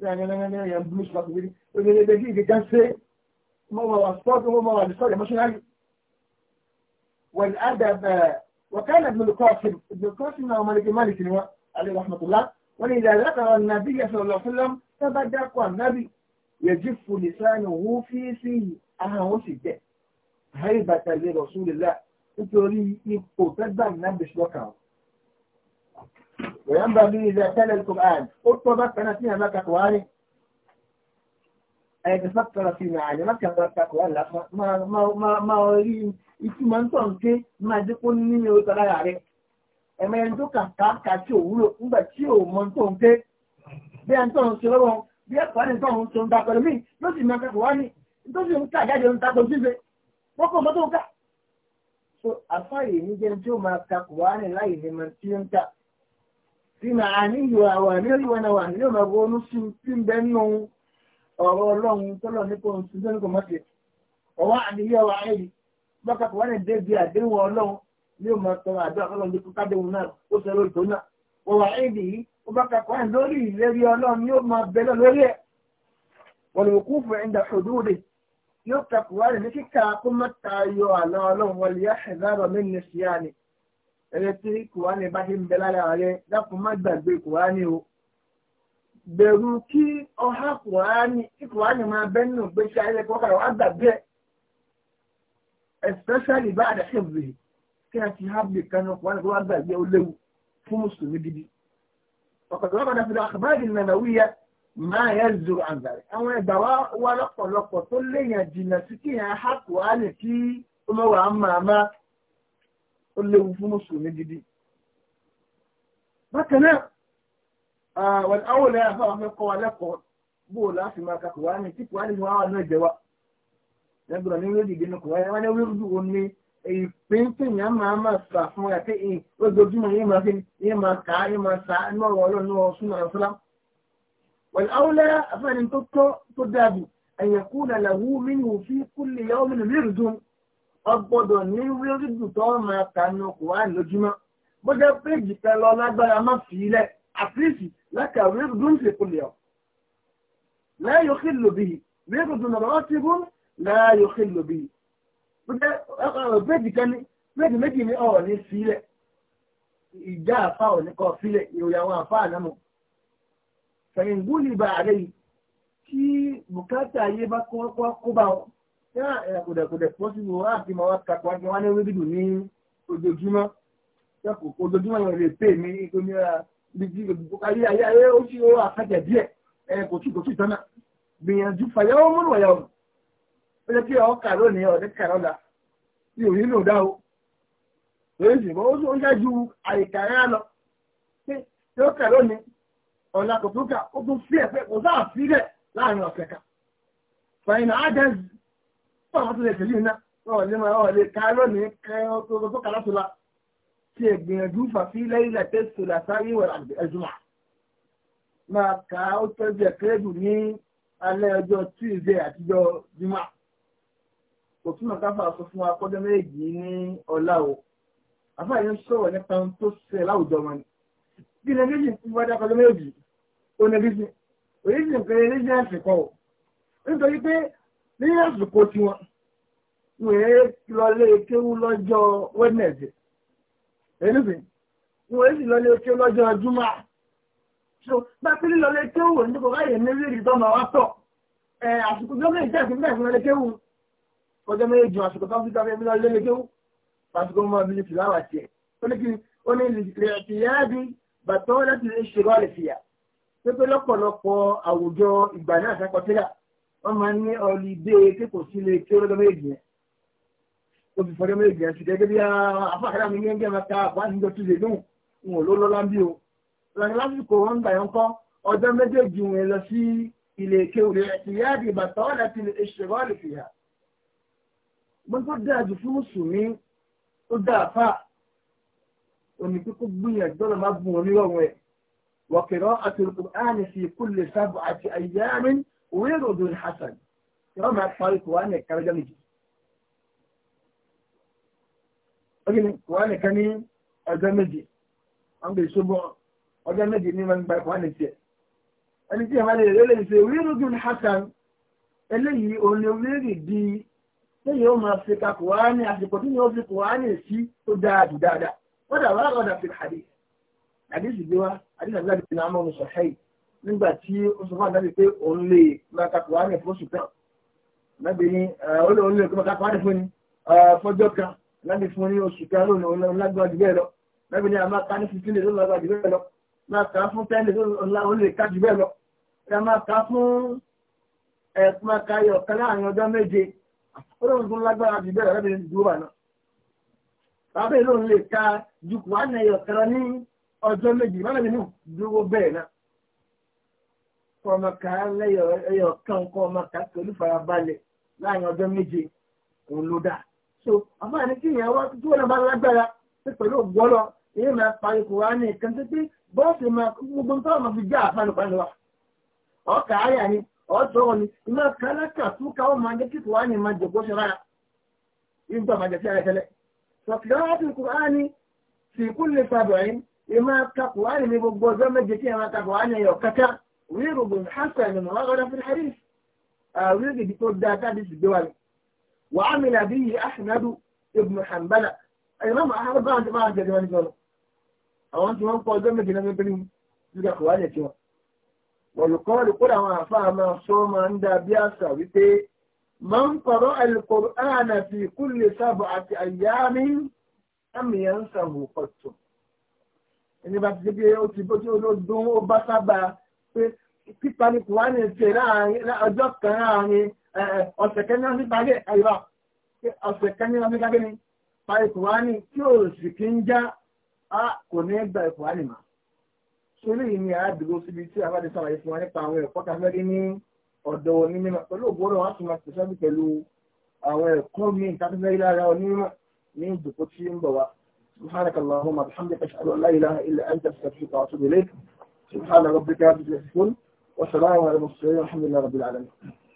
Ìyá ni ẹ̀yàn blue spot wí ní onílé more responsible, more understood emotionally. والأدب وكان ابن القاسم ابن القاسم هو ملك الملك عليه رحمة الله ولذا ذكر النبي صلى الله عليه وسلم تبدأ النبي يجف لسانه في فيه أهو سجد هيبة لرسول الله nítorí ipò tẹ́gbà nàbì ṣlọ́kà وينبغي إذا تلا القرآن ó tọ́ bá kanáà sí àmàkà ẹ̀ẹ́dẹ̀fọ́kọ̀rọ̀ fi ràn àní láti àwọn àtakọ̀ àlàfà máa rí ìtumọ̀ ń tọ̀ ń ké máa dé kó nínú oṣù lára rẹ̀ ẹ̀mẹ́ ẹni tó kà káàkà tí ò wúlò nígbà tí ò mọ̀ tó ń ké bí ẹni tó ń ṣe lọ́wọ́ bí ẹ̀kọ́ ẹni tó ń ṣe ń da pẹ̀lú mí ló sì máa kẹ́kọ̀ọ́ wá ní tó sì ń kà jáde ń takò síse wọ́n kò mọ́ tó ń kà. so àfáàyè ní jẹun tí ó máa takò wá ní láì ní mọ tí ó ń kà. fi màá níyò àwọn àníyàn wà ní ọ̀rọ̀ ọlọ́run tọ́lọ̀ ní kò sí lórí kò má ṣe ọwọ́ àdéhìyà wa ẹ̀rí bákàtà wà ní débi àdéhùn ọlọ́run ní o máa tọrọ àdó àkọlọ́run dípò kádéhùn náà ó sọ lórí tó náà ọwọ́ ẹ̀rí yìí ó bákàtà wà lórí ìlérí ọlọ́run ní o máa bẹ lọ lórí ẹ̀ wọ̀lùkú fún ẹ̀ńdà òdúró yóò kàkù wá ní kíkà kó má tayọ àná ọlọ́run wọlé bẹ̀rù kí ọha kùránì kùránì máa bẹ́ gbèsè ayẹyẹ kọ́kà wá gbàgbé especially bá àdàkẹ́ bèrè kí a ti hábìlì kanú kùránì kó wá gbàgbé ó léwu fún mùsùlùmí gidi. ọ̀kadà ọ̀kadà fi àkàbáàdì nànàwíyà máa yẹ zoro àgbàrẹ̀. àwọn ẹgbà wa wá lọ́pọ̀lọpọ̀ tó léèyàn jìnnà sí kí yẹn ha kùránì kí ó mọ̀ wá ó léwu fún mùsùlùmí gidi. bákan náà Ah, àwọn àwọn ẹ̀yà fáwọn fẹ́ kọ́ wa lẹ́kọ̀ọ́ bó o láti máa ka kùránì tí kùránì ni wọ́n wà náà jẹ wa lẹ́gbọ̀n ní wíwèé dìde ní kùránì wọ́n ní wíwèé o ní èyí péńpé yẹn máa máa sà fún ẹ pé èyí lójoojúmọ́ yẹn máa fi yẹn máa kà á yẹn máa sà á ní ọ̀rọ̀ ọlọ́run ní ọ̀rọ̀ súnmọ́ àlọ́sọ́lá. wọ́n àwọn ẹ̀yà afẹ́ni tó tọ́ tó dàbí ẹ̀yẹ̀kú làlàwú mi لك ورد في كل يوم لا يخل به ورد راتب لا يخل به péjì kan ní péjì méjì ní ọ̀rọ̀ ní sílẹ̀ ìjà àfa ò ní kọ sílẹ̀ ìròyìn àwọn àfa ànámọ̀ fẹ̀yìngú ní ibà àárẹ̀ yìí kí bùkátà ayé bá kó bá wọn yá ẹ̀kùdẹ̀kùdẹ̀ pọ́sibú wọn àti màá kàkọ́ wájú wọn ní orí dídùn ní ojoojúmọ́ ojoojúmọ́ yẹn lè pè mí ìgbóni gbígbí ayé ayé ayé ó sì ó àkájẹ díẹ̀ ẹ kò tún kò tún ìtọ́nà gbìyànjú fàyàwó múlò wọ̀yà ọ̀nà ó jẹ́ kí ọkà lónìí ọ̀dẹ́ kàrọ̀ la mi ò nílò dá o lórí ìṣèlú ó ó ṣáájú àyíká rẹ̀ lọ pé tí ó kà lónìí ọ̀nà kò tún kà ó tún fi ẹ̀fẹ́ kò sáà sílẹ̀ láàrin ọ̀sẹ̀ kan fàyìnà ágẹ́sì fún àwọn tó lè tẹ̀lé iná wọn ò lè máa wọn lè ká lónìí kẹ́ ọ́ tí ẹ gbìyànjú fàfi lẹ́yìn lẹ́tẹ̀sọ̀ làtàrí wà ẹ̀jùmọ̀. máa ka ó tọ́jú ẹ̀kẹ́rẹ́ jù ní alẹ́ ọjọ́ tuesday àtijọ́ jimá. kò túnmọ̀ káfà sọ fún wa kọ́jọ́ méjì ní ọ̀la o. àfáà yẹn sọ̀rọ̀ nípa ohun tó ṣẹlẹ̀ láwùjọ wọn. bí ilé méjì ti wájà kọ́jọ́ méjì ó ní bí òyìn sì ń pè é ní ní àsìkò o. nítorí pé ní àsìkò tiwọn wọ́n yẹ lọ lé kéwú lọ́jọ́ wednesday ẹnìfín ìwọ̀n èsì lọ lé kí lọ́jọ́ ọjúmọ́ so bẹ́ẹ̀ lílọ lé kí wò ní kò ráyè ní rírì tó máa wá tọ̀ ẹ̀ àsìkò tó mẹ́rin tẹ̀sí bẹ́ẹ̀ fún lé kéwù ọjọ́ méjì jù àsìkò tó fi tọ́fẹ́ mílọ lé kéwù àsìkò mọ́ mi ní fìláwà tiẹ̀ ó ní kí ó ní lẹ́ẹ̀tìyáàdì bàtọ́ láti lè ṣe rọ́ọ̀lẹ̀ fìyà pépé lọ́pọ̀lọpọ̀ àwùjọ ìgbà náà fẹ́ kọtíra wọ́n máa ń ní ọlídé pé kò sí lè kí ó lọ́jọ́ méjì yẹn ó fi fọdọ́ méjì ẹ̀sìn gẹ́gẹ́ bí afáàkàrà mi gẹ́gẹ́ máa ta àpá níjọ tó lè lóhùn ń wò ló lọ́lá bí o. lọ́nà lásìkò wọn ń gbà yàn kọ́ ọjọ́ méjèèjì wọn lọ sí ilé kéwòrè ẹ̀sìn yá di bàtà ọ̀dà ti lè ṣe rọ́ọ̀lì fìyà. wọ́n tó dáa jù fún mùsùlùmí ó dáa fà òní kíkó gbìyànjú ọ̀nà má bùn onírọ̀rùn ẹ̀ wọ̀kẹ̀rọ̀ àti olùkùnrin fi kúlẹ̀ sábà àti àyè orí kùránì kan ní ọjọ́ méje wọ́n gbé ṣubú ọjọ́ méje ní wọ́n gba kùránì tiẹ̀ ẹni tí ìhàlẹ̀ rẹ̀ lè ṣe rírúdùn hasan eléyìí òní rírì di lẹ́yìn ó máa fi ka kùránì àsìkò tí yóò fi kùránì sí tó dáa jù dáadáa wọ́n dà wá rọ̀dà fi hàdí hàdí sì gbé wa hàdí nàbí láti nà ámọ́ sọ̀hẹ́yì nígbà tí ó sọ fún àdáyé pé òun lè máa ka kùránì fún sùkàn lábẹ́ ní ó lè ó lè máa ka kùránì fún ni fọ́jọ́ kan láti fún ní oṣù kan lónìí lágbàjú bẹ́ẹ̀ lọ lẹ́bi ní a máa ká ní fifteen days lónìí lágbàjú bẹ́ẹ̀ lọ máa ká fún ten days lónìí lè ká jù bẹ́ẹ̀ lọ ẹ máa ká fún ẹ máa ká yọ ọ̀kan láàrin ọjọ́ méje ó lóun tún lágbára jù bẹ́ẹ̀ lọ lẹ́bi ní dúró bàná. bàbá yìí lóun lè ká ju kù wá nẹ̀yọ̀ kan ní ọjọ́ méje má lẹ́bi ní dúró bẹ́ẹ̀ náà. kọ́ ọmọ ká lẹ́yọ̀ kan kọ́ ọmọ pẹ̀lú farabalẹ̀ láàrin ọjọ́ méje òun ló dáa so àmọ́ ẹni kí ìyẹn wá tí wọ́n bá lágbára pé pẹ̀lú ògbọ́lọ èyí máa parí kò wá ní nǹkan tó pé bọ́ọ̀sì máa gbogbo nǹkan ọmọ fi já àfáàní wa ọkà àyà ni ọ̀tọ̀ ni iná kálákà tún káwọn máa jẹ́ kíkọ́ wá ní máa jẹ bó ṣe rárá yìí gbà máa jẹ sí ara tẹ́lẹ̀ sọ̀kìlá wá sí Kùránì sì kú lè padà yín ìmá ka Kùránì ní gbogbo ọjọ́ méje kí ìmá ka Kùránì ẹ̀yọ̀ kátá wíìrù bùn hásà ni mọ̀ wá rárá fún hàrí àwíìrì tó dáa káàdì sì gbé wa lọ وعمل به أحمد ابن حنبل الإمام أحمد بعد ما عند جمال قالوا أو أنت من قال جمع جنان بني يقول أخواني كما ويقال قل ما فهم صوم عند بياسا ويتي من قرأ القرآن في كل سبعة أيام أم ينسه قط ẹni bá ti débi ó ti bó tí ó dún ó bá sábà pé pípa ní kùránì ṣe láàrin ọjọ́ kan láàrin ọ̀sẹ̀ kẹ́ni wọn nípa gẹ́ àyíwá ọ̀sẹ̀ kẹ́ni wọn nípa gẹ́ ni pa ìkùránì tí ò sì kí ń já a kò ní gba ìkùránì mà sórí yìí ni àádùgbò síbi tí abáde sàlàyé fún wa nípa àwọn ẹ̀kọ́ tá a fẹ́ rí ní ọ̀dọ̀ onímọ̀ pẹ̀lú ògbóró wọn sì máa pèsè bí pẹ̀lú àwọn ẹ̀kọ́ mi ìtàkùnfẹ́ lára onímọ̀ ní ìdòkó tí ń bọ̀ wá سبحانك اللهم وبحمدك اشهد ان لا اله الا انت استغفرك واتوب اليك سبحان ربك رب العزه والسلام على المرسلين والحمد لله رب